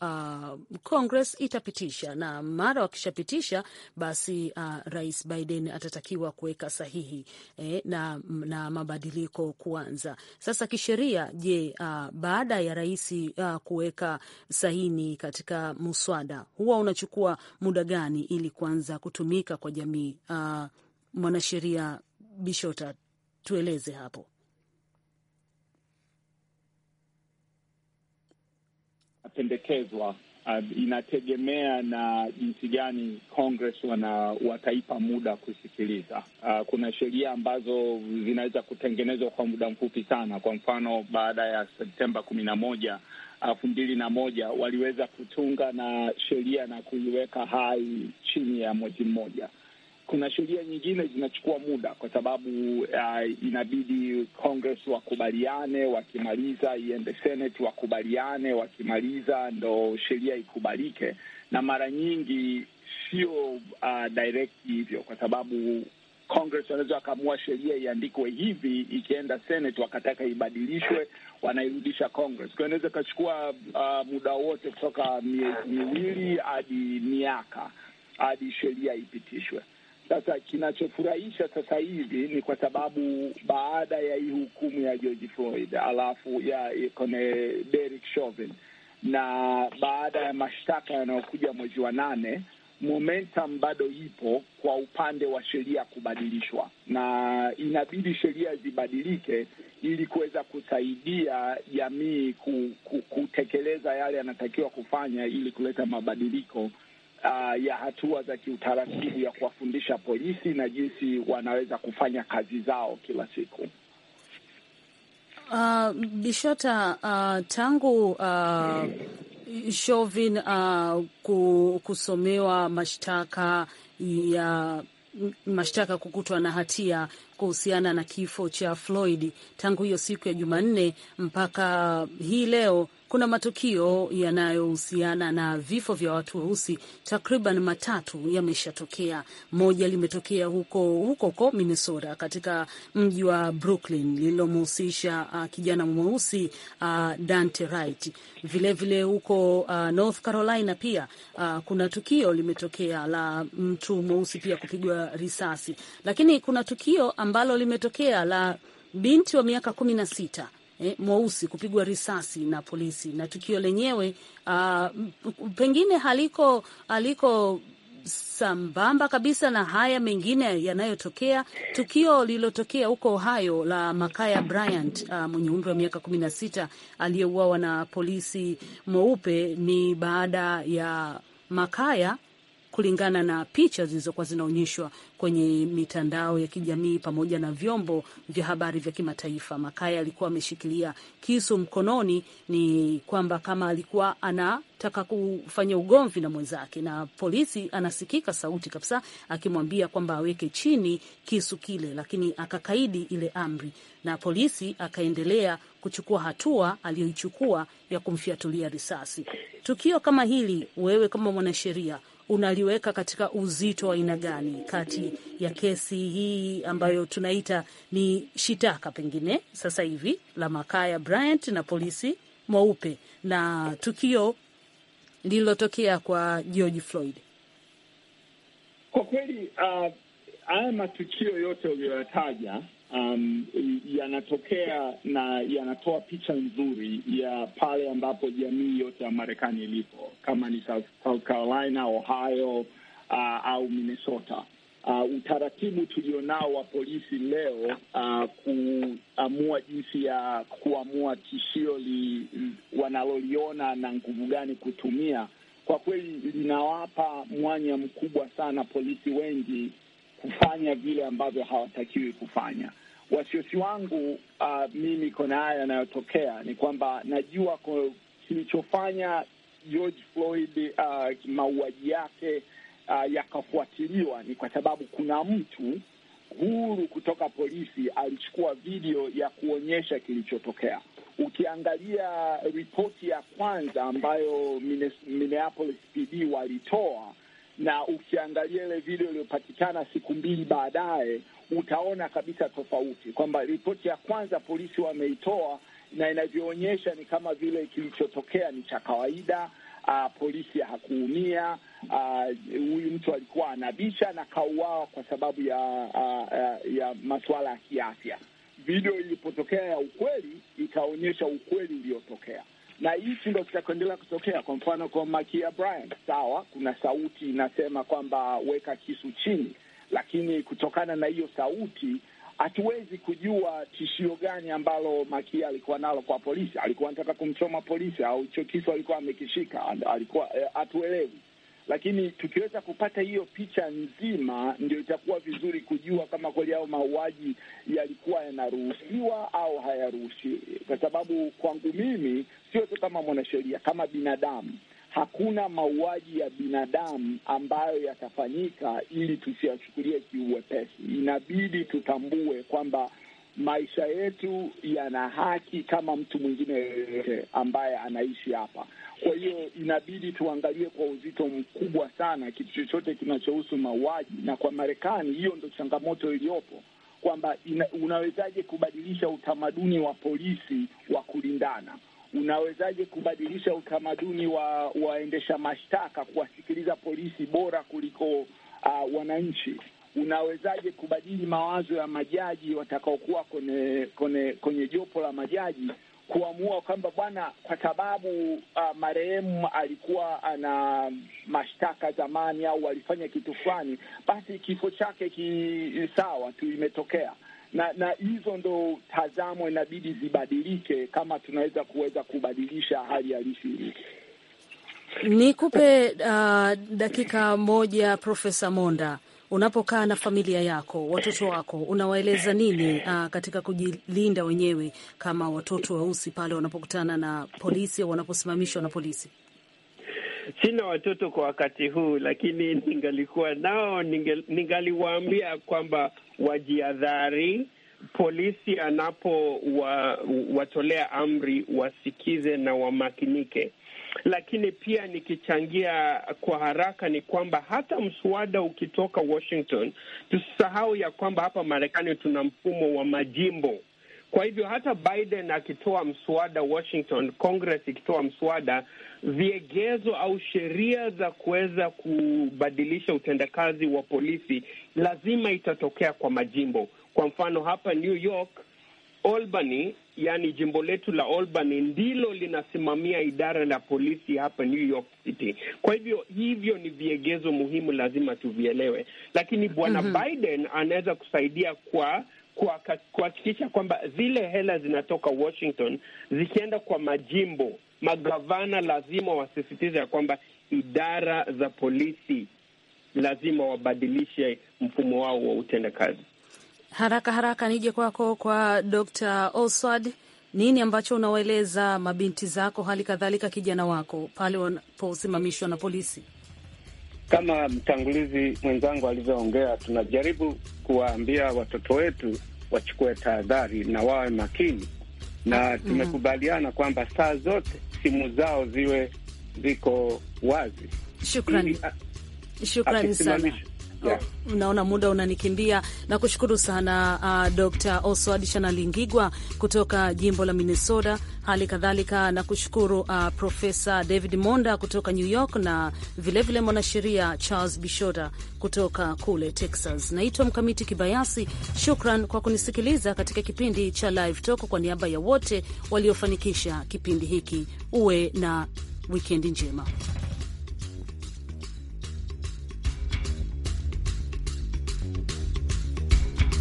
uh, Congress itapitisha, na mara wakishapitisha, basi uh, Rais Biden atatakiwa kuweka sahihi eh, na, na mabadiliko kuanza sasa kisheria. Je, uh, baada ya rais uh, kuweka saini katika katika muswada huwa unachukua muda gani ili kuanza kutumika kwa jamii? Uh, mwanasheria Bishota, tueleze hapo. Pendekezwa uh, ah, inategemea na jinsi gani Congress wana wataipa muda kusikiliza. Uh, kuna sheria ambazo zinaweza kutengenezwa kwa muda mfupi sana. Kwa mfano, baada ya Septemba kumi na moja elfu mbili na moja waliweza kutunga na sheria na kuiweka hai chini ya mwezi mmoja. Kuna sheria nyingine zinachukua muda kwa sababu uh, inabidi Congress wakubaliane, wakimaliza iende Senate wakubaliane, wakimaliza ndo sheria ikubalike, na mara nyingi sio uh, direct hivyo, kwa sababu Congress wanaweza wakaamua sheria iandikwe hivi, ikienda Senate wakataka ibadilishwe, wanairudisha Congress. Kwa inaweza ikachukua uh, muda wote kutoka miezi miwili hadi miaka hadi sheria ipitishwe. Sasa kinachofurahisha sasa hivi ni kwa sababu baada ya hii hukumu ya George Floyd alafu ya kone Derek Chauvin na baada ya mashtaka yanayokuja mwezi wa nane momentum bado ipo kwa upande wa sheria kubadilishwa, na inabidi sheria zibadilike ili kuweza kusaidia jamii ku, ku, kutekeleza yale yanatakiwa kufanya ili kuleta mabadiliko Uh, ya hatua za kiutaratibu ya kuwafundisha polisi na jinsi wanaweza kufanya kazi zao kila siku. Uh, Bishota, uh, tangu uh, Chauvin uh, kusomewa mashtaka ya mashtaka kukutwa na hatia kuhusiana na kifo cha Floyd tangu hiyo siku ya Jumanne mpaka hii leo kuna matukio yanayohusiana na vifo vya watu weusi, takriban matatu yameshatokea. Moja limetokea huko huko ko Minnesota, katika mji wa Brooklyn, lililomhusisha uh, ah, kijana mweusi uh, Dante Wright. Vilevile vile huko uh, North Carolina pia uh, kuna tukio limetokea la mtu mweusi pia kupigwa risasi, lakini kuna tukio ambalo limetokea la binti wa miaka kumi na sita eh, mweusi kupigwa risasi na polisi, na tukio lenyewe uh, pengine haliko haliko sambamba kabisa na haya mengine yanayotokea. Tukio lililotokea huko Ohio la Makaya Bryant uh, mwenye umri wa miaka kumi na sita aliyeuawa na polisi mweupe ni baada ya Makaya kulingana na picha zilizokuwa zinaonyeshwa kwenye mitandao ya kijamii pamoja na vyombo vya habari vya kimataifa. Makaya alikuwa ameshikilia kisu mkononi, ni kwamba kama alikuwa anataka kufanya ugomvi na mwenzake, na polisi anasikika sauti kabisa akimwambia kwamba aweke chini kisu kile, lakini akakaidi ile amri, na polisi akaendelea kuchukua hatua aliyoichukua ya kumfyatulia risasi. Tukio kama hili, wewe kama mwanasheria unaliweka katika uzito wa aina gani kati ya kesi hii ambayo tunaita ni shitaka pengine sasa hivi la Makaya Bryant na polisi mweupe na tukio lililotokea kwa George Floyd? Kwa kweli uh, haya matukio yote uliyoyataja um, yanatokea na yanatoa picha nzuri ya pale ambapo jamii yote ya Marekani ilipo, kama ni South Carolina, Ohio, uh, au Minnesota. Uh, utaratibu tulionao wa polisi leo uh, kuamua jinsi ya kuamua tishio li, wanaloliona na nguvu gani kutumia, kwa kweli linawapa mwanya mkubwa sana polisi wengi kufanya vile ambavyo hawatakiwi kufanya wasiwasi wangu uh, mimi niko na haya yanayotokea ni kwamba najua kilichofanya George Floyd uh, mauaji yake uh, yakafuatiliwa ni kwa sababu kuna mtu huru kutoka polisi alichukua video ya kuonyesha kilichotokea. Ukiangalia ripoti ya kwanza ambayo Minneapolis PD walitoa na ukiangalia ile video iliyopatikana siku mbili baadaye, utaona kabisa tofauti kwamba ripoti ya kwanza polisi wameitoa na inavyoonyesha ni kama vile kilichotokea ni cha kawaida. Uh, polisi hakuumia. Ah, huyu uh, mtu alikuwa anabisha na kauawa kwa sababu ya uh, uh, ya masuala ya kiafya. Video ilipotokea ya ukweli itaonyesha ukweli uliotokea, na hichi ndo kitakuendelea kutokea. Kwa mfano kwa Makia Bryant, sawa, kuna sauti inasema kwamba weka kisu chini lakini kutokana na hiyo sauti hatuwezi kujua tishio gani ambalo Makia alikuwa nalo kwa polisi. Alikuwa anataka kumchoma polisi au hicho kisu alikuwa amekishika, alikuwa eh, hatuelewi. Lakini tukiweza kupata hiyo picha nzima, ndio itakuwa vizuri kujua kama kweli hao mauaji yalikuwa yanaruhusiwa au hayaruhusiwi, kwa sababu kwangu mimi, sio tu kama mwanasheria, kama binadamu hakuna mauaji ya binadamu ambayo yatafanyika ili tusiyachukulie kiuwepesi. Inabidi tutambue kwamba maisha yetu yana haki kama mtu mwingine yoyote ambaye anaishi hapa. Kwa hiyo inabidi tuangalie kwa uzito mkubwa sana kitu chochote kinachohusu mauaji, na kwa Marekani hiyo ndo changamoto iliyopo kwamba unawezaje kubadilisha utamaduni wa polisi wa kulindana unawezaje kubadilisha utamaduni wa waendesha mashtaka kuwasikiliza polisi bora kuliko uh, wananchi? Unawezaje kubadili mawazo ya majaji watakaokuwa kwenye kwenye kwenye jopo la majaji kuamua kwamba bwana, kwa sababu uh, marehemu alikuwa ana mashtaka zamani au alifanya kitu fulani, basi kifo chake ki sawa tu, imetokea na na hizo ndo tazamo inabidi zibadilike, kama tunaweza kuweza kubadilisha hali halisi hii. Nikupe uh, dakika moja, Profesa Monda, unapokaa na familia yako, watoto wako, unawaeleza nini uh, katika kujilinda wenyewe kama watoto weusi pale wanapokutana na polisi au wanaposimamishwa na polisi? Sina watoto kwa wakati huu, lakini ningalikuwa nao ningaliwaambia kwamba wajiadhari Polisi anapowatolea amri wasikize na wamakinike. Lakini pia nikichangia kwa haraka ni kwamba hata mswada ukitoka Washington, tusisahau ya kwamba hapa Marekani tuna mfumo wa majimbo kwa hivyo hata Biden akitoa mswada, Washington Congress ikitoa mswada, viegezo au sheria za kuweza kubadilisha utendakazi wa polisi lazima itatokea kwa majimbo. Kwa mfano hapa New York, Albany, yani jimbo letu la Albany ndilo linasimamia idara la polisi hapa New York City. Kwa hivyo hivyo ni viegezo muhimu, lazima tuvielewe, lakini bwana mm -hmm. Biden anaweza kusaidia kwa kuhakikisha kwamba zile hela zinatoka Washington zikienda kwa majimbo, magavana lazima wasisitize ya kwamba idara za polisi lazima wabadilishe mfumo wao wa utendakazi. Haraka haraka nije kwako kwa Dr. Oswald, nini ambacho unawaeleza mabinti zako, hali kadhalika kijana wako pale wanaposimamishwa na polisi? Kama mtangulizi mwenzangu alivyoongea, tunajaribu kuwaambia watoto wetu wachukue tahadhari na wawe makini, na mm. tumekubaliana kwamba saa zote simu zao ziwe ziko wazi. Shukrani, shukrani sana yeah. Unaona muda unanikimbia. Nakushukuru sana uh, Dr. Oswald Shanalingigwa kutoka jimbo la Minnesota, hali kadhalika nakushukuru uh, Profesa David Monda kutoka New York na vilevile mwanasheria Charles Bishota kutoka kule Texas. Naitwa Mkamiti Kibayasi. Shukran kwa kunisikiliza katika kipindi cha Live Talk. Kwa niaba ya wote waliofanikisha kipindi hiki, uwe na wikendi njema.